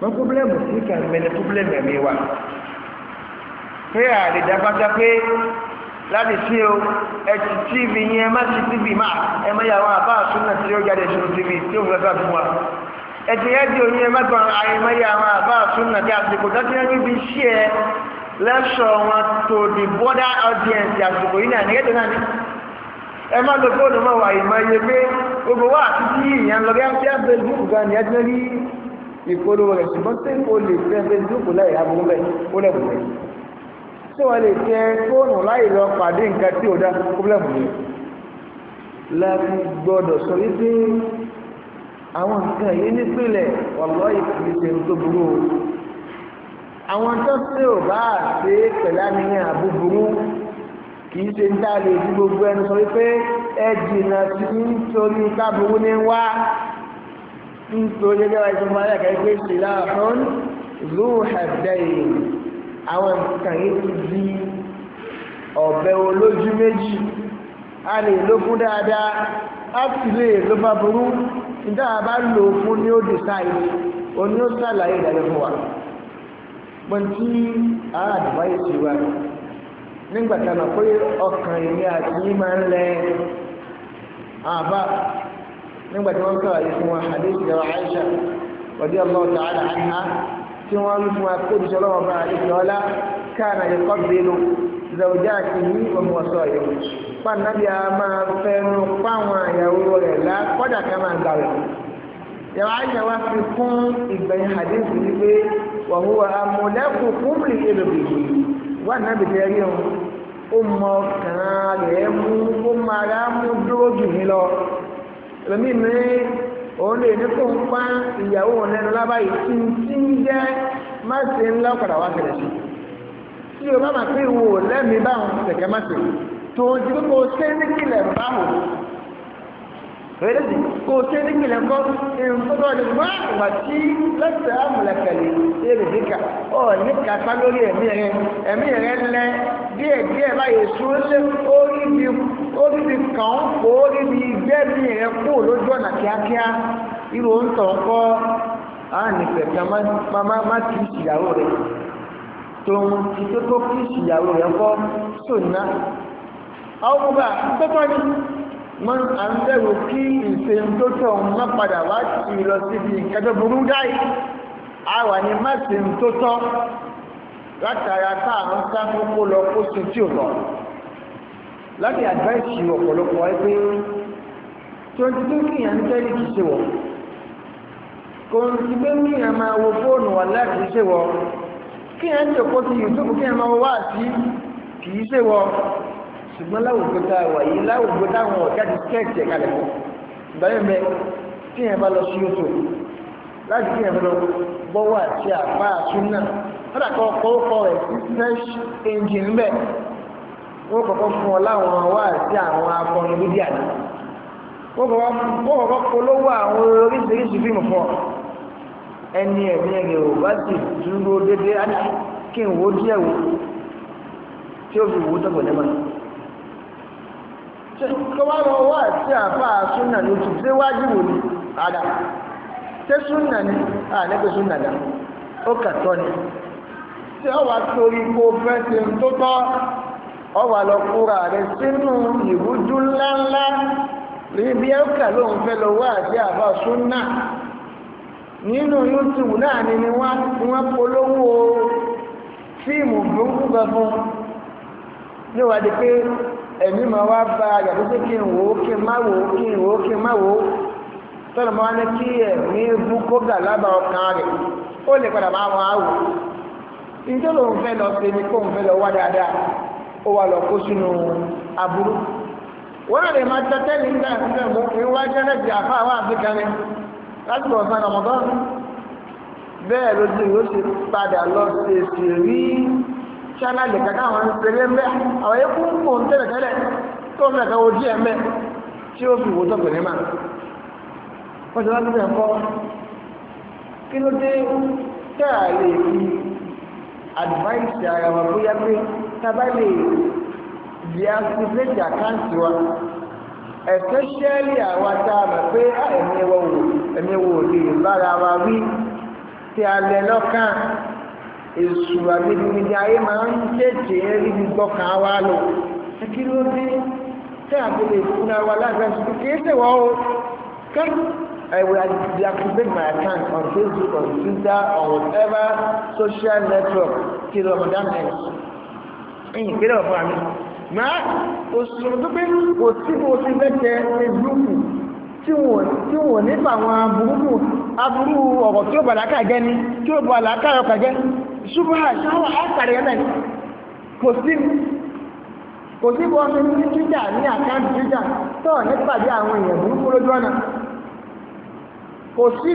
wọn pọ́blẹ́mù sí kàmẹ́ni pọ́blẹ́mù ẹ̀mí wa pé àlè dábàdá pé láti sí o ẹtì tv yẹn ẹ má ti tv má ẹ má yà wọn àbá àsúnà tí ó jáde sínú tv tí ó fẹ́ fẹ́ fún wa ẹtì ẹdì oyin ẹ má gbọ́n ayé má yà wọn àbá àsúnà tí àsìkò dájú ẹni bí sí ẹ lẹ́sọ̀ wọn to the border audience àsìkò yìí náà nígbàdàn náà ni ẹ má lo fóònù mọ́ wàyí má yẹ pé gbogbo wa àti tí ìyẹn lọ bí wọ́n fi á facebook gan ni ṣé wọ́n lè tẹ fóònù láì lọ pàdé nǹkan tí ò dá pọ́blẹ́mù yẹn láti gbọ́dọ̀ sọ wípé àwọn nǹkan yìí nípìnlẹ̀ ọ̀lọ́ ìpìlẹ̀ tó burú o àwọn tó ṣe ò bá ṣe pẹ̀lú àníyàn àbúburú kì í ṣe ń dá lè di gbogbo ẹnu sọ wípé ẹ jìnnà sí nítorí táburú ní wá nítorí ẹgbẹ́ wa ìṣọ̀mọ́ ayé àkàrí pé ṣìlá ọ̀hún zúù ẹ̀dẹ́yìn àwọn nǹkan yìí ti di ọ̀bẹ olójú méjì a lè ló fún dáadáa a sì lè ló bá burú nígbà bá lò ó fún ní ó dìsáìdì ó ní ó sàlàyé ìdájọ́ fún wa pẹ̀ntì àwọn àdìbáyé sí wa nígbà tá a mọ̀ pé ọkàn ìní àti yín máa ń lẹ àbá nígbà tí wọ́n sọ̀rọ̀ yìí fún wa hadith yàrá Aisha radiyallahu ta'ala anha tí wọ́n ń fún akójúṣe ọlọ́wọ́n bá àlejò ọlá káàna ẹ̀kọ́ bẹ́ẹ̀lú zọ̀jà kìíní ọmọ ọ̀sọ́ yìí pàǹdàbí a máa fẹnu fáwọn àyàwó rẹ̀ lá kọ́dà ká máa gbà rẹ̀. yàrá àyà wa fi fún ìgbẹ̀yìn hadith wípé wàhùn wa amúlẹ́kù kúmìlì èlòbìbì wà nábì tẹ́ rí wọn ó mọ kàn án rẹ̀ mú ó máa rà mú dúró jù mí lọ. lómìnira òun lè ní kó ń pa ìyàwó wọn lẹ́nu lábáyé tí ń tí ń jẹ́ má ṣe ń lọ́kọ̀dà wá kẹ̀lẹ̀ sí tí o bá máa pé ìwò lẹ́mìí báwọn kẹ̀kẹ́ má ṣe tó o ti kó o ṣe ní kílẹ̀ báwò rẹ́dẹ̀dì kó o ṣe ní kílẹ̀ kọ́ ìrìnkọ́tọ̀ ọ̀dẹ̀ má ìgbà tí lọ́sẹ̀ àmọ̀lẹ̀kẹ̀lẹ̀ èrè níkà ọ̀ níkà pa lórí ẹ̀mí rẹ ẹ̀mí rẹ lẹ díẹ̀díẹ̀ báyìí sún lé orí bí ó ti ti kàn ń pò ó níbi ìgbẹ́bí rẹ kú lójú ọ̀nà kíákíá irú ń tàn kọ́ ànífẹ̀ kan má ti ìyàwó rẹ tòun ti tó tó kí ìyàwó rẹ kọ́ sònà àwọn ọba pẹ́pẹ́ ni mọ à ń bẹ̀rù kí ìsèǹtótò má padà wá sí lọ síbi ìkẹjọ burú dáì àwa ni má sèǹtótò látara tá à ń sá kókó lọ kó sí tí ò lọ láti advice yìí ọ̀pọ̀lọpọ̀ ẹ pé twenty two kìyàn ń tẹ́lẹ̀ kìí ṣe wọ̀ kò ń ti gbé kìyàn máa wo fóònù wà láì kìí ṣe wọ̀ kìyàn ń jòkó ti youtube kìyàn máa wo wá sí kìí ṣe wọ̀ ṣùgbọ́n láwùjọ tá a wà yìí láwùjọ táwọn ọ̀gá ti kẹ́ẹ̀tì ẹ̀ka lẹ̀kọ́ ìgbàlẹ̀ mẹ́ kìyàn bá lọ sí youtube láti kìyàn bá lọ bọ́wọ́ àti àpá àtúnà lọ́dà kọ́ kọ́ kọ́ rẹ̀ sí fresh engine bẹ́ẹ̀. wọ́n kọ́kọ́ fún ọ láwọn wá sí àwọn akọni bíbí àná wọ́n kọ́kọ́ polówó àwọn oríṣiríṣi fíìmù fún ọ ẹni ẹ̀mí ẹ̀rẹ̀ ò bá sì dúró déédéé á kí n wò díẹ̀ wò tí ó fi wò ó tọ̀gbọ̀n lẹ́mọ̀ kọ́ wá lọ wá sí àfa súnà ní oṣù tí wájú wò ní àdá ṣé súnà ni súnà dá ó kà tọ́ ni ṣé ọ wá torí kó fẹ́ ṣe ń tó ọwà lọ kúra rẹ sínú ìrújú ńláńlá ríbi ẹ́kà ló ń fẹ́ lọ́wọ́ àti àbá súnà nínú youtube náà ni wọ́n polówó fíìmù burúkú gan ní wàá di pé ẹ̀mí máa wá ba yàtọ̀ sí kí n wò ó kí n má wò ó kí n wò ó kí n má wò ó máa ní kí ẹ̀mí bú ó wà lọ kó sínú aburú wọ́n lè máa tẹ́tẹ́ ní ìgbà ìgbà ìgbà ìwá jẹ́rẹ́ ti àfa àwọn àfikà ni láti bọ̀ fún ọmọdún bẹ́ẹ̀ lójú yóò ṣe padà lọ sí èsì rí ṣáláàlì kàkà àwọn ìṣẹ̀lẹ̀ ń bẹ́ àwọn ikú ń pò ń tẹ̀lẹ̀ tẹ́lẹ̀ tó ń bẹ̀kẹ́ ojú ẹ̀ mẹ́ tí ó fi wò tó pèlè mà wọ́n ti wá sí ẹ̀kọ́ kí ló dé tẹ́ àlè fi àdìváìsì ara wa bóyá pé tàbá lè deactivate àkáǹtì wa ẹ̀kẹ́ ṣẹ́ẹ̀lì àwa tá a mọ̀ pé ẹ̀mí wọ wò ẹ̀mí wò lè bára wa wí tí a lẹ lọ́kàn èṣù àgbẹ̀dìmídìí ayé máa ń tètè rí gbígbọ́ kan wá lọ kí ló dé tí a fi lè fúnra wa lágbàá ṣùgbọ́n kì í ṣèwọ́ o kẹ́kẹ́. I will deactivate my account on Facebook, on Twitter, on whatever social network till Ramadan ends. ẹ̀yìn ìpínlẹ̀ ọ̀fọ́ àmì ma òṣùwọ̀n tó pé kò sí mo tí wọ́n nípa àwọn burúkú aburú ọ̀rọ̀ tí ó jẹ́ ni tí ó bọ̀ làákà ọkà jẹ́ ṣùgbọ́n àṣàwọ̀ àkàrẹ̀ yẹn kò sí kò sí bọ́ ní twitter ní àkáǹtì twitter àwọn èèyàn burúkú lójú ọ̀nà kò sí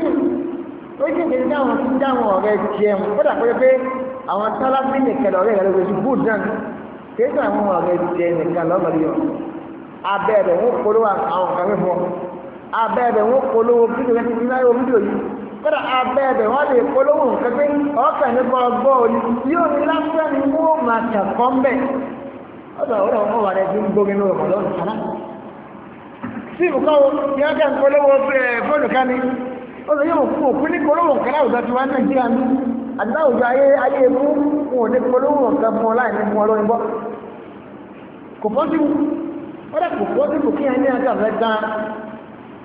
ó ń dáwọn ọ̀rẹ́ kódà àwọn sálábí nìkan lọ rẹ̀ lọ́wọ́ ju búùd náà kéésì àwọn ọ̀rẹ́ jẹ nìkan lọ́mọdé yọ abẹ́rẹ́ wọn polówó àwọn kan fífọ́ abẹ́rẹ́ wọn polówó fídíò yẹn ti náírà fídíò yìí kódà abẹ́rẹ́ wọn lè polówó nǹkan pé ọkàn nípa òní yóò ní lásán máa ní ń kan ní eh, òkú ní Ada òjò ayé ayé ebú wọn ò ní polówó nǹkan fún ọ láì ní ọ bọ́ kò pọ́sibú ó kò kí ẹni àti àfẹ́ gan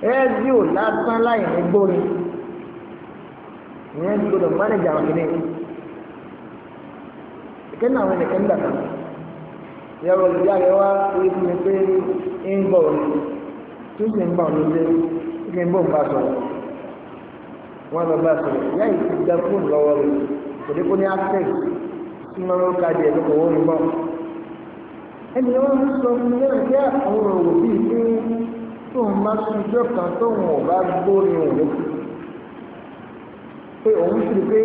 rẹ́díò lásán láì ní gbóni ìyẹn ti gbọdọ̀ mánéjì àwọn kìnìún ìkẹ́ni àwọn ènìyàn ń dàgbà ìyàwó olùdíyà rẹ wá orí fún mi pé ń bọ̀ wọ́n lọ bá sọ̀rọ̀ ìyá yìí ti gba fóònù lọ́wọ́ rẹ̀ kò dé kó ní access tí wọ́n ń kájẹ lọ́kọ̀ wọ́n ń bọ̀. ẹnì wọn ń sọ fún mi náà jẹ́ àwọn òwò bíi pé tóun bá sún ijọ́ kan tóun ò bá gbórin òun lókè pé òun sì pé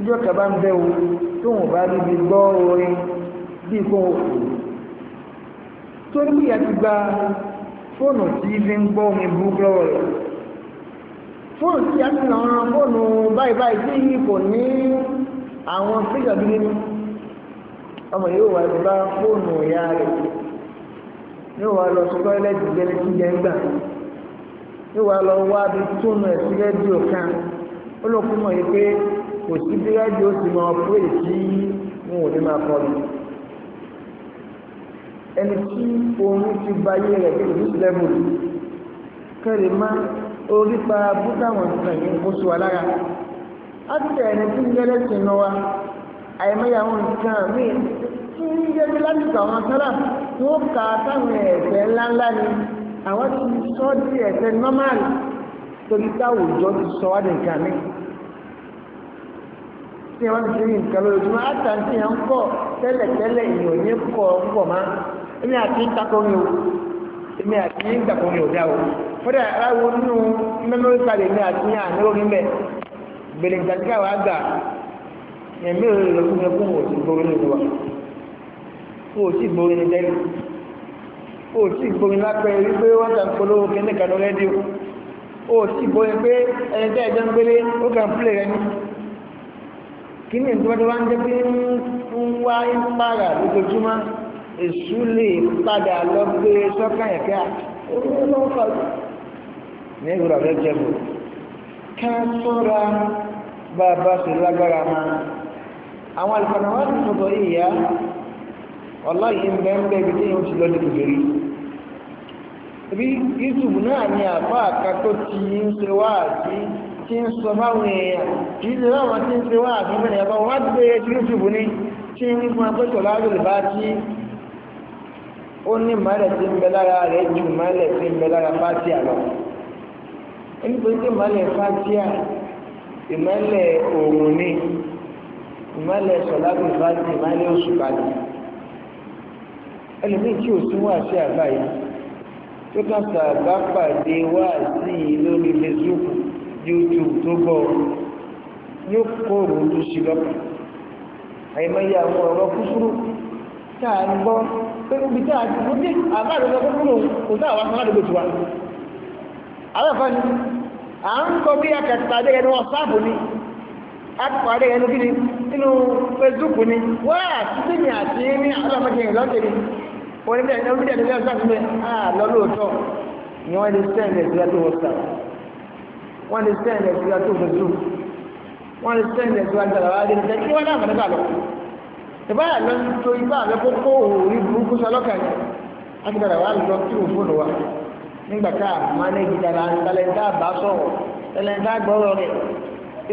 ijọ́ kan bá ń bẹ́ o tóun ò bá níbi gbọ́ orin bíi kó o kù. torí ìyá ti gba fóònù tí ilé ń gbọ́ omi bú lọ́wọ́ rẹ̀ fóònù tí a ti ràn án fóònù báyìí báyìí tí yìí kò ní àwọn fíjà bí nínú ọmọ yóò wá lọ bá fóònù ìyá rẹ̀ yóò wá lọ sọ tọ́lẹ́tì gbẹ́ni tí jẹ́ ń gbà yóò wá lọ wá bí túnú ẹ̀ sí rédíò kan ó ló kú mọ̀ yìí pé kò sí bí rédíò sì máa pé èsì wọn ò ní máa kọ́ mi ẹni tí oorun ti ba yé rẹ̀ kí ló ti lẹ́bù kẹ́rì máa. orípa bútàwọn nǹkan yìí ń kó sí wa lára á ti tẹ̀ tí ń gẹ́lẹ́ wa àìmọye nǹkan míì tí ń yẹbi láti tọ̀ àwọn sọ́là tí ó kà táwọn ẹ̀ṣẹ̀ ńláńlá ni àwọn ti sọ di torí táwùjọ ti sọ wá di nǹkan tí wọ́n ti rí nǹkan lójoojúmọ́ àtàntì yẹn ń tẹ́lẹ̀tẹ́lẹ̀ ìyọ̀nyẹ́ ń ẹni o. èmi àti yín gbàgbọ́ mi ò dá o fúdà aláwo nínú mẹ́mẹ́rì kàlẹ̀ mi àti yín àná orí mbẹ́ gbèrè gbàgbà wà gbà ẹ̀mí ò lọ fún mi fún wò sí gbórí nínú wa wò sí gbórí ní dẹ́lí wò sí gbórí lápẹ́ rí pé wọ́n ta polówó kí nìkan ló rẹ́díò wò sí gbórí pé ẹni tẹ́ ẹjọ́ ń gbélé ó kàn fúlẹ̀ rẹ ní kí ni ìdúró wá ń jẹ́ pé ń wá ń pààrà lójoojúmọ́ èṣù lè padà lọ gbé sọ́kàn yẹn pé olùkọ́ ló ń fa jù ní ìwúrọ̀ rẹ̀ jẹ́bù ká sọ́ra bá a bá ṣe lágbára máa àwọn àlùfáà wá ti sọ̀tọ̀ ìyá ọláyìí ń bẹ́ ń bẹ́ ibi tí yóò ti lọ́dún kìbìrì rí yusuf náà ni àbá àkàtó ti ń ṣe wá àti tí ń sọ báwọn èèyàn kì í ṣe báwọn tí ń ṣe wá àti mẹ́rin àbá wọn wá ti gbé yusuf ní tí ń fún akẹ́kọ̀ọ́ láàrú ìbá tí ó ní màálẹ̀ tí ń bẹ lára rẹ̀ ju màálẹ̀ tí ń bẹ lára fátíà lọ nítorí tí màálẹ̀ fátíà ìmọ̀lẹ̀ òòrùn ni ìmọ̀lẹ̀ sọ̀lábì fátíà ìmọ̀lẹ̀ oṣù kàdì ẹlòmíì tí ò sí wá sí àbáyé tó kàn sàbá pàdé wá sí i lórí Facebook YouTube tó bọ̀ yóò kó òòrùn tó ṣì lọ́kàn àyèmọ̀ yà àwọn ọ̀rọ̀ kúkúrú tá à ń gbọ́ pé ibi tí àbáàdé lọ fún òun kò sí àwọn aṣọ aládùúgbò tiwa àwọn ẹ̀fọ́ ni à ń kọ bí akẹ́kọ̀ọ́ adé ẹni wọn sáàbù ni akẹ́kọ̀ọ́ adé ẹni kí ni nínú Facebook ni wọ́n yà títí ní àti ní alámọ̀jẹ ìlọ́tẹ̀ ni wọ́n ní bí ẹni bí ẹni lọ́sà fún mi à lọ lóòótọ́ ni wọ́n lè sẹ́ǹdì ẹ̀sìlá tó WhatsApp wọ́n lè sẹ́ǹdì ẹ̀sìlá tó Facebook wọ́n lè sẹ́ǹdì ẹ̀sìlá tó ìbá àlọ́ ń tó ibá àlọ́ kó kó orí burúkú sọ lọ́kàn yìí a ti padà wà lọ kí o fóònù wa nígbà tá a máa ní ìdí dára tẹlẹńtà bá sọ̀rọ̀ tẹlẹńtà gbọ́rọ̀ rẹ̀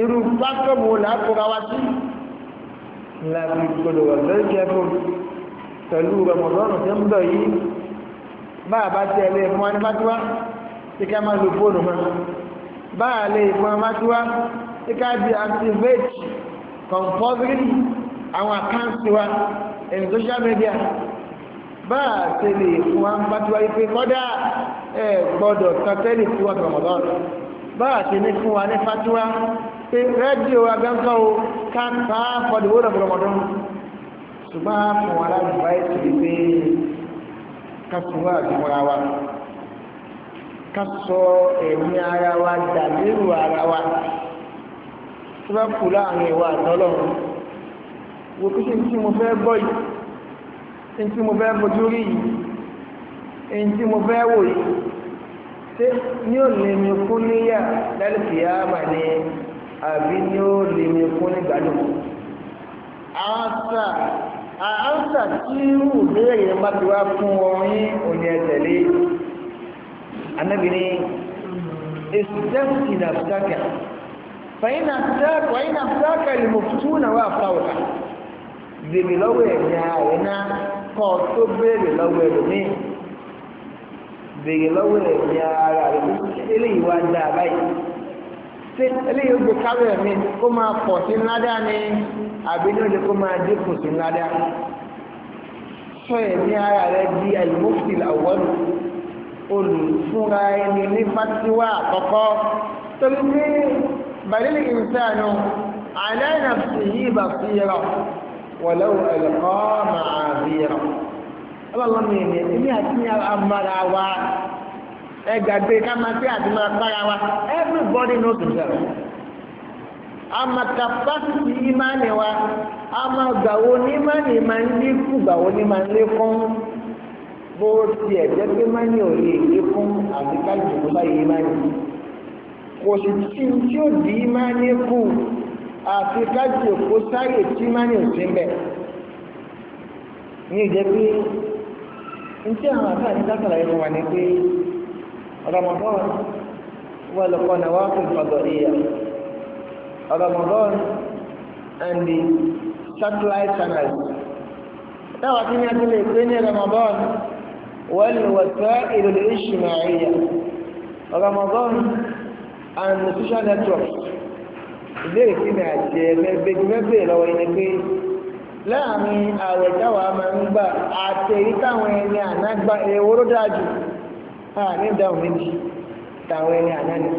irú pákọ́mù làákùnra wa sí làbí gbọdọ̀ wà lórí kẹfún pẹ̀lú rẹmọdọ́nù tó ń bọ̀ yìí bá a bá tẹ̀ lé fún anifátiwá tí ká máa lo fóònù mọ́ bá a lè fún anifátiwá tí ká di activate compulsory àwọn àkáǹtì wa ẹ̀yìn social media bá a ṣe lè fún wa ń bá tiwa yìí pé kọ́dà ẹ gbọ́dọ̀ kàtẹ́lì tí wọ́n tọ̀mọ̀ lọ́rọ̀ bá a ṣe ní fún wa ní fatiwa pé rẹ́díò agbẹ́ńkọ́ o ká pa á fọdù wọ́n lọ́dọ̀ lọ́dọ̀ ṣùgbọ́n a fún wa láti bá ètò yìí pé ká fún wa àti fúnra wa ká sọ ẹ̀mí ara wa dà lérò ara wa tó bá kú láàrin ìwà àtọ́lọ́run wò pé kí n tí mo fẹ́ gbọ́ yìí kí n tí mo fẹ́ bojú rí yìí kí n tí mo fẹ́ wò yìí ṣé ní ò lè mi kú níyà lálùkìyà mà ní àbí ní ò lè mi kú nígbàdùn àánsà àánsà tí irú ìbéèrè bá ti wá fún ọ ní òní ẹtẹ̀lé anábìrin استفتي نفسك فإن أفتاك وإن أفتاك المفتون وأفتوك bèrè lọ́wọ́ ẹ̀mí ààrẹ náà kọ́ ọ tó bèrè lọ́wọ́ ẹlòmíì bèrè lọ́wọ́ ẹ̀mí ara rẹ̀ eléyìí wá dáa báyìí ṣé eléyìí ó gbé káwé mi kó máa pọ̀ sí ńládá ni àbí ní olè kó máa dínkù sí ńládá sọ ẹ̀mí ara rẹ̀ di àlùmọ́sí làwọ́lù olùfúnra ẹni ní fásitìwá àkọ́kọ́ torí pé bàdélì ìsánu àlẹ́ nàfṣì yìí bàfṣì yẹrọ. wọ̀lẹ́wò ẹ̀lẹ́kọ́ máa bí rọ̀ ọlọ́run mi ni wa ẹ gbàgbé ká wa everybody knows himself ama capacity imani wa ama gbàwo ní imani máa n'ime dínkù gbàwo ní máa ń lékún bó tiẹ̀ kò sì tí tí ó di àfi káàkiri òkú sáré tí má ní òsín bẹ̀ ní ìjẹ́ pé ntí àwọn àfáà ní dákàlà yẹn wà ní pé Ramadan wà lọ́kọ́ náà wà fún ìfọ̀dọ̀ ìyá Ramadan and the satellite channels táwa tí ní a ti lè pé ní Ramadan wal wasa'il al-ijtima'iyya Ramadan and the social networks. ìbéèrè sí mi àti ẹgbẹ́gbẹ́gbẹ́ mẹ́bẹ̀ẹ́ lọ́wọ́ yìí ni pé láàrin ààwẹ̀ táwa máa ń gbà àtẹ̀yí táwọn ẹni àná gba èwo ló àní ìdáhùn méjì táwọn ẹni àná ni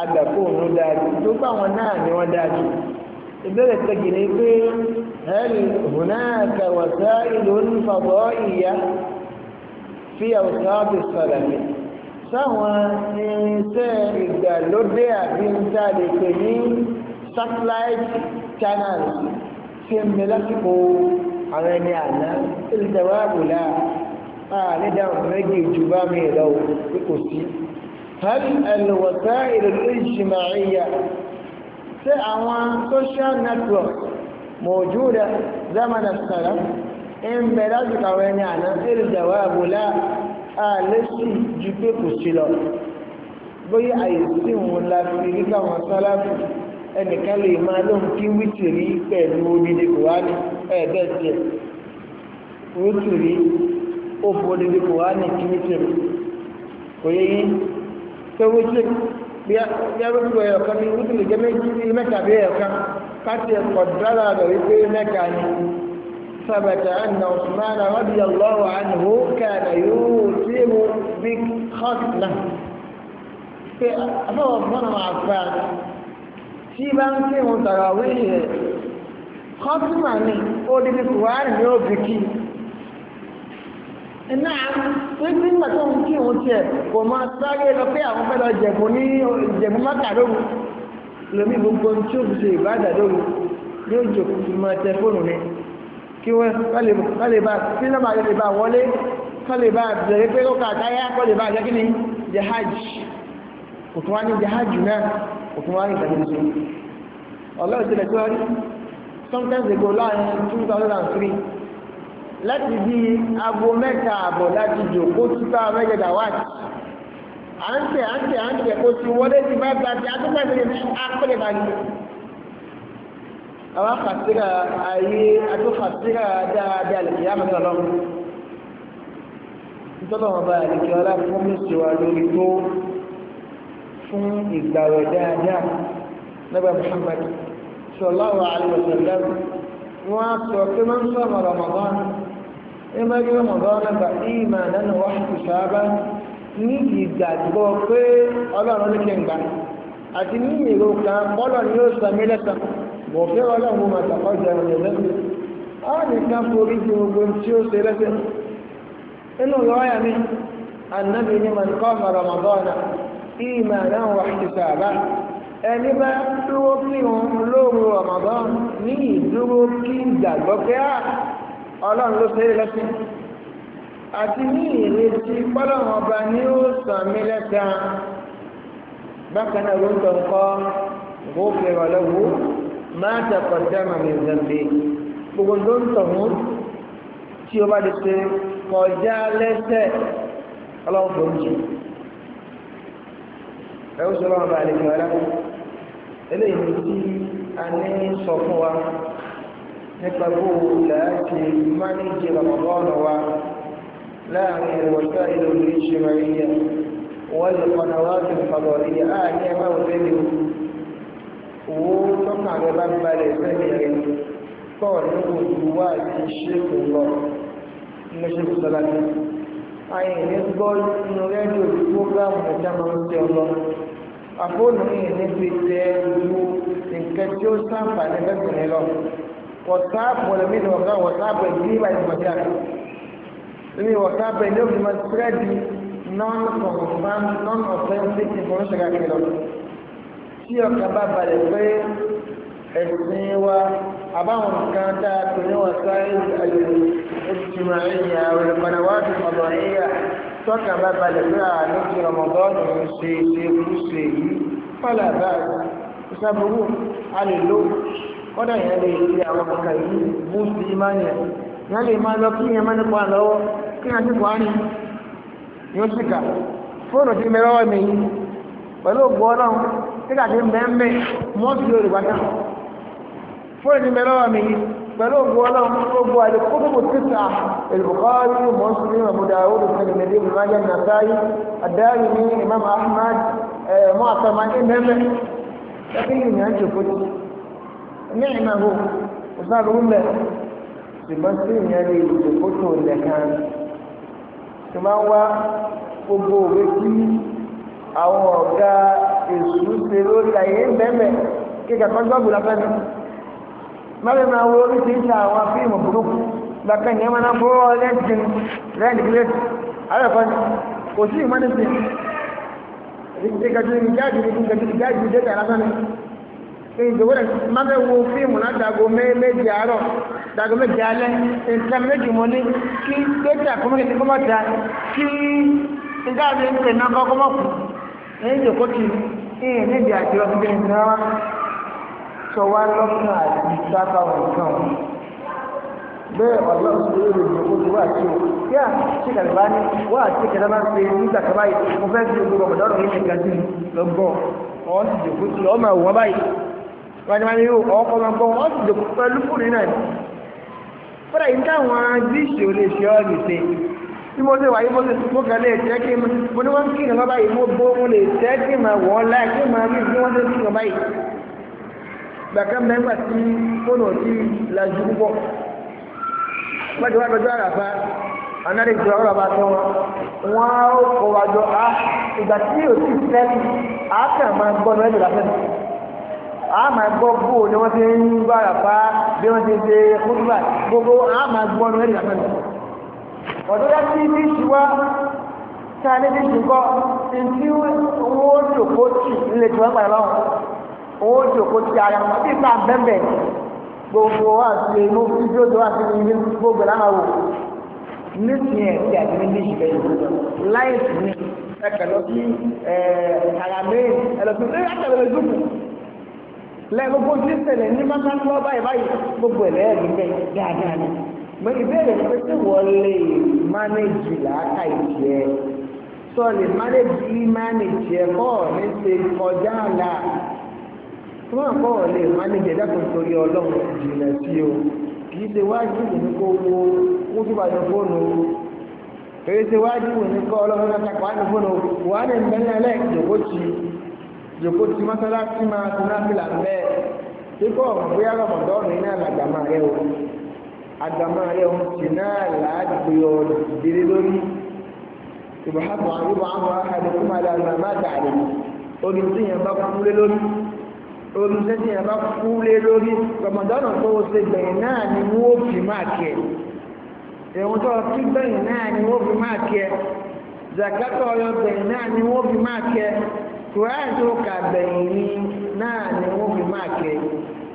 àgbàpọ̀ òun tó bá wọn náà ni wọ́n dáa ìbéèrè kejì ni pé hẹ́lì hùnáàkà wọ̀sá ìlú ń fọ̀bọ́ ìyá fíyàwó sọ̀rọ̀ mi. sáwọn irinṣẹ́ ìgbàlódé àbí ń tá lè pè ní satellite channels tí ń bẹ lásìkò àwọn ẹni àná ìlẹ̀wà àbùlà àlédàwọn méjì jù bá mi lọ pé kò sí. hal al-wasa'il al-ijtima'iyya ṣé àwọn social network mọ̀júdà zamana sara ń bẹ lásìkò àlẹ́sì ju pé kò sí lọ bóyá àyèsí òun la fi rí káwọn sálábù ẹnìkan lè máa lóun kí wítìrí pẹ̀lú odidi kùránì ẹ̀ẹ́dẹ́ tiẹ̀ wítìrí ó bu odidi kùránì kí wítìrí kò yẹ yín pé wítìrí bí arúgbó ẹ̀yọ̀ kan ní wítìrí jẹ́ méjì mẹ́ta bí ẹ̀yọ̀ kan ká tiẹ̀ dára rẹ̀ wípé mẹ́ta ni. ثبت أن عثمان رضي الله عنه كان يوتم بختمة فهو عثمان عفان tí bá ń kí wọn tàràwé yẹ kọ́tùmà ni ó di ní kùránì ní ó fi kí iná pínpín nígbà tó ń kí wọn tiẹ̀ kò máa sáré lọ pé àwọn fẹ́ lọ jẹ̀bù ní jẹ̀bù mọ́tà lóru lómi gbogbo tí ó fi ṣe ìbádà lóru ní ó jòkó fi máa tẹ fóònù ni kí wọ́n kálẹ̀ bá kí lọ́ba lè bá wọlé kálẹ̀ bá bẹ̀rẹ̀ pé kọ́kà táyà kọ́lẹ̀ bá jẹ́ kí ni jihaj òtún wá ní jihaj náà òtún wá ní ìtàgé ọlọ́run ti lẹ̀ tó rí sometimes ago láàrin two thousand three láti bí aago mẹ́ta àbọ̀ láti jòkó títà mẹ́jẹ̀dà wáàtì à ń tẹ̀ à ń tẹ̀ à ń tẹ̀ kó ti wọlé ti bá gba ti àtúntà ìpínlẹ̀ bá àwọn afàtìrà ayé atúfàtìrà dáadáa lè yá mẹ́ta lọ nítorí wọn bá àlejò ọlá fún mẹ́sì wa lórí tó fún ìgbàwẹ̀ dáadáa nígbà Muhammad sallallahu alaihi wasallam wọn á sọ pé máa ń sọ ọmọ Ramadan ẹ máa rí Ramadan nígbà ìmọ̀ nínú wàhálà sábà ní ìgbàgbọ́ pé ọlọ́run ní kí n gbà àti ní èrò kan bọ́lọ̀ ni ó sọ mí lẹ́sàn wọ̀fẹ́ ọlọ́run máa tàkọ́jà rẹ̀ lẹ́sẹ̀ á nìkan forí ju gbogbo tí ó ṣe lẹ́sẹ̀ inú lọ́ọ̀yà mi ànábì ní màá kọ́ ọmọ rọmọdọ́ọ̀nà ìmọ̀ náà wà ti sàbá ẹni bá dúró kí wọn lóru rọmọdọ́ọ̀n ní ìdúró kí ìgbàgbọ́ pé á ọlọ́run ló ṣe lẹ́sẹ̀ àti ní ìrètí pọ́lọ́run ọba ni ó sàn mí lẹ́sẹ̀ bákan náà ló ń tọ̀ ń kọ́ gbófin ọ̀lẹ́wọ̀ọ́ máa tẹ̀kọ̀ dáná mi gbẹ̀gbẹ̀ gbogbo tó ń tọ̀hún tí o bá ti ṣe kọjá lẹ́sẹ̀ ọlọ́run tó ń jù ẹ ó sọ lọ́wọ́ bá àlejò ọ̀la eléyìí tí a ní sọ fún wa nípa bó láti máníjì rọmọbọ́ọ̀nù wa láàrin ìwọ̀sá ìlú ìṣẹ̀mẹ̀ríyà wọ́n lè kọ́nà wá sí ìfàgọ̀rí àní ẹ̀mẹ́wọ̀n tẹ́lẹ̀ ogun òwò tọ́kà rẹ bá balẹ̀ sẹ́mi rẹ kọ́ ní ojú wa ti ṣe kò lọ mo ṣe kò sọ́lá mi. àyìn ní gbọ́ inú rẹ́díò tí fúrógámù ẹ̀dá máa ń tẹ ọ lọ. àfóònù yìí níbi tẹ gbogbo nǹkan tí ó sàǹfààní lẹ́gbẹ̀rẹ́ lọ. wọ́sáàpù ẹ̀mí ni ọ̀gá wọ́sáàpù ẹ̀mí ní ìbàdí ìbàdí àná. èmi wọ́sáàpù ẹ̀mí ó fi máa tẹ́rẹ́dì non-confirmed non-offensive information kàkiri tí ọkàn bá balẹ̀ pé ẹ̀sìn wa àbáwọn nǹkan tá a pè ní wọn sáré ayò ìtumọ̀ ẹ̀yìn àwọn ìpàdé wá sí ọ̀dọ̀ ẹ̀yà tọ́kàn bá balẹ̀ pé àánú ti ọmọdọ́ọ̀nù ń ṣe ṣe kúṣe yìí fọlá báyìí ìṣàbùrù a lè lò kọ́dà yẹn lè ṣe àwọn kankan yìí mú sí ìmánì yẹn lè máa lọ kí yẹn máa nípa lọ́wọ́ kí yẹn ti kọ́ àárín yóò sì fóònù ti mẹ́rọ́wọ́ mi yìí pẹ̀lú ògbó ọlọ́run nígbàtí mbẹ́mbẹ́ mọ́tò yorùbá náà fóònù ní mẹ́lọ́wọ́ mi yìí pẹ̀lú ògbó ọlọ́run gbogbo àti kótópò títà ìlùkọ́rí mọ́sùlùmí àmúdáwó lùsẹ̀lẹ̀ mẹ́lẹ́ ìmájẹ́ nàtàyí àdáyé ní imam ahmad ẹ̀mọ́ eh, àtàmà ní mẹ́mẹ́ ẹ̀kí ìyìnà jòkó tí ní ìnáwó ìsáàlù ńlẹ̀ ṣùgbọ́n sí ìyìnà lè jòkó tó lẹ̀ kan ṣùgbọ́n wá gbogbo òwe kí àwọn ọ̀gá èṣù ṣe lórí àyè ń bẹ́ẹ̀ kíkà kan gbọ́gbù lápẹ́ mi mẹ́rin máa wo oríṣiríṣi àwọn fíìmù burúkú gbàkan ìyẹn máa ń bọ́ lẹ́sìn rẹ́ẹ̀lì gílẹ́sì àrẹ́kọ́ ni kò sí ìmọ̀nìsì ìgbẹ́kẹ̀jú ní jáde ní ìgbẹ́kẹ̀jú ní jáde ní dédé àlásán ni ìjọba rẹ̀ máa bẹ̀ wo fíìmù náà dàgó méje àárọ̀ dàgó méje alẹ́ nǹkan méjì mo ní kí dédé àkọ́mọ́kẹ́ni kọ́mọ́ta kí nígbà mi ń pè náà kọ́kọ́mọ́kù ẹ̀yìn jẹ́ ẹ̀yìn níbi àti ọdún náà sọ lọ́kàn àti sábà wọn bẹ́ẹ̀ ọlọ́run ti lórí o yá ṣé kàlẹ́ bá ní wá àti kẹta máa ń nígbà kan báyìí mo fẹ́ fi gbogbo ọ̀dọ́ ọ̀rọ̀ yìí nìkan sí ọ̀ ti jòkó sí ọmọ ìwọ́n báyìí wọ́n ti máa ń yọ máa pẹ̀lú fóònù náà yìí tí mo ṣe wáyé mo kàn lè jẹ́ kí mo ní wọ́n kí nǹkan báyìí mo bó mo lè jẹ́ kí mà wọ́n láì kí mà rí bí wọ́n ṣe kí nǹkan báyìí. gbàgbé mẹ́gbà tí fóònù ti lajú púpọ̀ gbàdúrà lọ́jọ́ àràfà anadi jọ ọ̀rọ̀ bá tẹ wọn wọn á kọ wa jọ a ah, ìgbà tí o ti fẹ́ a kàn máa gbọ́ ní ẹ̀jẹ̀ lásán a máa gbọ́ bó ni wọ́n ti ń bára bí wọ́n ti ṣe kúndùbà gbogbo a máa gbọ́ ní ẹ̀jẹ̀ lásán ọ̀dọ́ dá sí fíìsì wá tá a ní fíìsì kọ́ ntí owó òjòkó tì ńlẹ̀ tí wọ́n padà báwọn owó òjòkó tì ara wọn bí ìta bẹ́ẹ̀ gbogbo wa ti inú fídíò tó wà sí ibi gbogbo lánàá wò ní tiẹ̀ tí a ti ní fíìsì bẹ́ẹ̀ láì sí ní ẹ̀kẹ́ lọ sí àràmé ẹ̀lọ́sí ẹ̀kẹ́ lọ sí lẹ́gbogbo tí ń tẹ̀lé ní mọ́tàlá báyìí báyìí gbogbo ẹ̀ bẹ́ẹ̀ dáadáa ni mo ìbéèrè pé tí wọ́n lè mánéjì làákà ìjẹ́ sọ lè mánéjì mánéjì ẹ̀ kọ́ ní ṣe kọjá àlà tí wọ́n kọ́ lè mánéjì ẹ̀dá kan torí ọlọ́run jìnnà sí o kì í ṣe wájú ìlú kó wo kó tó bá ní fóònù o èyí ṣe wájú ìlú kó ọlọ́run náà takọ̀ á ní fóònù o wàá ní ìbẹ́lẹ̀ lẹ́ẹ̀kì jòkó tí mọ́sálásí máa tún náà fi là ń bẹ́ẹ̀ tí kò bóyá lọ́mọdọ́ọ̀nù iná làgbà máa àgbàmọ́ rẹ̀ ń tì náà láàgbé ọ̀rọ̀ ìdílé lórí ìbùhàbọ̀ àríwá àwọn àdìkú máa dà nà má dàrí orí tí yẹn bá kú lé lórí orí tí yẹn bá kú lé lórí rọmọdọ́nà tó o ṣe gbẹ̀yìn náà ni wọ́n fi máa kẹ́ ẹ̀wọ̀n tó o ti gbẹ̀yìn náà ni wọ́n fi máa kẹ́ zakatọ̀ ọ̀yọ́ gbẹ̀yìn náà ni wọ́n fi máa kẹ́ kùráàtì ó kà gbẹ̀yìn náà ni wọ́n fi máa kẹ́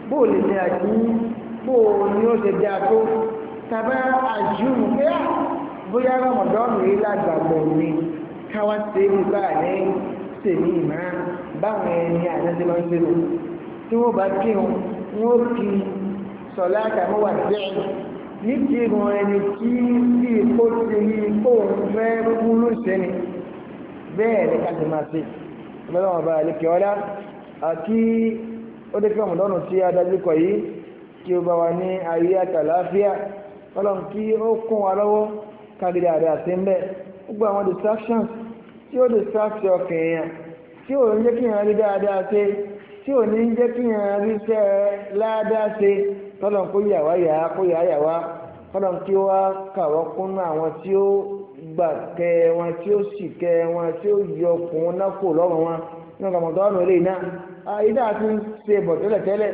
bóòlù ni àti bó o ní ó ṣe dáa tó tàbá àjùmù pé à ah, bóyá rọmọdọ́nù yìí lágbàgbọ́ mi káwá ṣe é bá ní tèmi ìmá báwọn ẹni àdáṣe máa ń ṣe lò tí wọ́n bá kí wọn wọ́n kí sọ̀lá àtàmúwà bẹ́ẹ̀ ní kí wọn ẹni kí bí ipò ti rí ipò fẹ́ kúrú sẹ́ni bẹ́ẹ̀ ni ká ti máa ṣe lọ́wọ́ bá a lè kí àti ó dé kí ọmọdọ́nù tí a dájú kọ yìí kí ó bá wa ní ayé àtàláfíà ọlọ́run kí ó kún wa lọ́wọ́ káàdìrí àrẹ àti ńbẹ gbogbo àwọn distractions tí ó distract ọkàn èèyàn tí ò ní jẹ́ kí èèyàn rí dáadáa ṣe tí ò ní jẹ́ kí èèyàn rí iṣẹ́ láadáa ṣe ọlọ́run kó yà wá yà á kó yà á yà wá kí ó wá kàwọ́ kúnnú àwọn tí ó gbà kẹ wọn tí ó sì kẹ wọn tí ó yọ kún náà kò lọ́rùn wọn nínú ọmọdé ọ̀nà ilé náà àyíká ti ń ṣe bọ̀ tẹ́lẹ̀tẹ́lẹ̀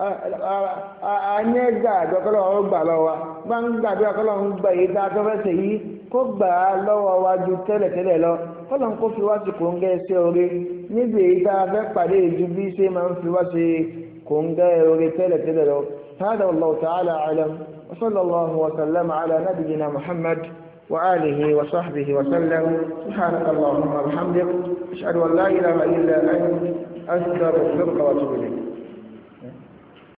anyẹ gbà àjọkọ́lọ́ ọ̀rọ̀ gbà lọ́wọ́ wa bá ń gbà bí ọkọ́lọ́ ń gbà yìí tá a tó fẹ́ sè yìí kó gbà á lọ́wọ́ wa ju tẹ́lẹ̀tẹ́lẹ̀ lọ kọ́lọ̀ ń kó fi wá sí kòńgẹ́ ẹsẹ̀ orí níbi èyí tá a fẹ́ pàdé ju bí ṣe máa ń fi wá sí kòńgẹ́ orí tẹ́lẹ̀tẹ́lẹ̀ lọ. هذا والله تعالى أعلم وصلى الله وسلم على نبينا محمد وآله وصحبه وسلم سبحانك اللهم وبحمدك أشهد أن لا إله إلا أنت أستغفرك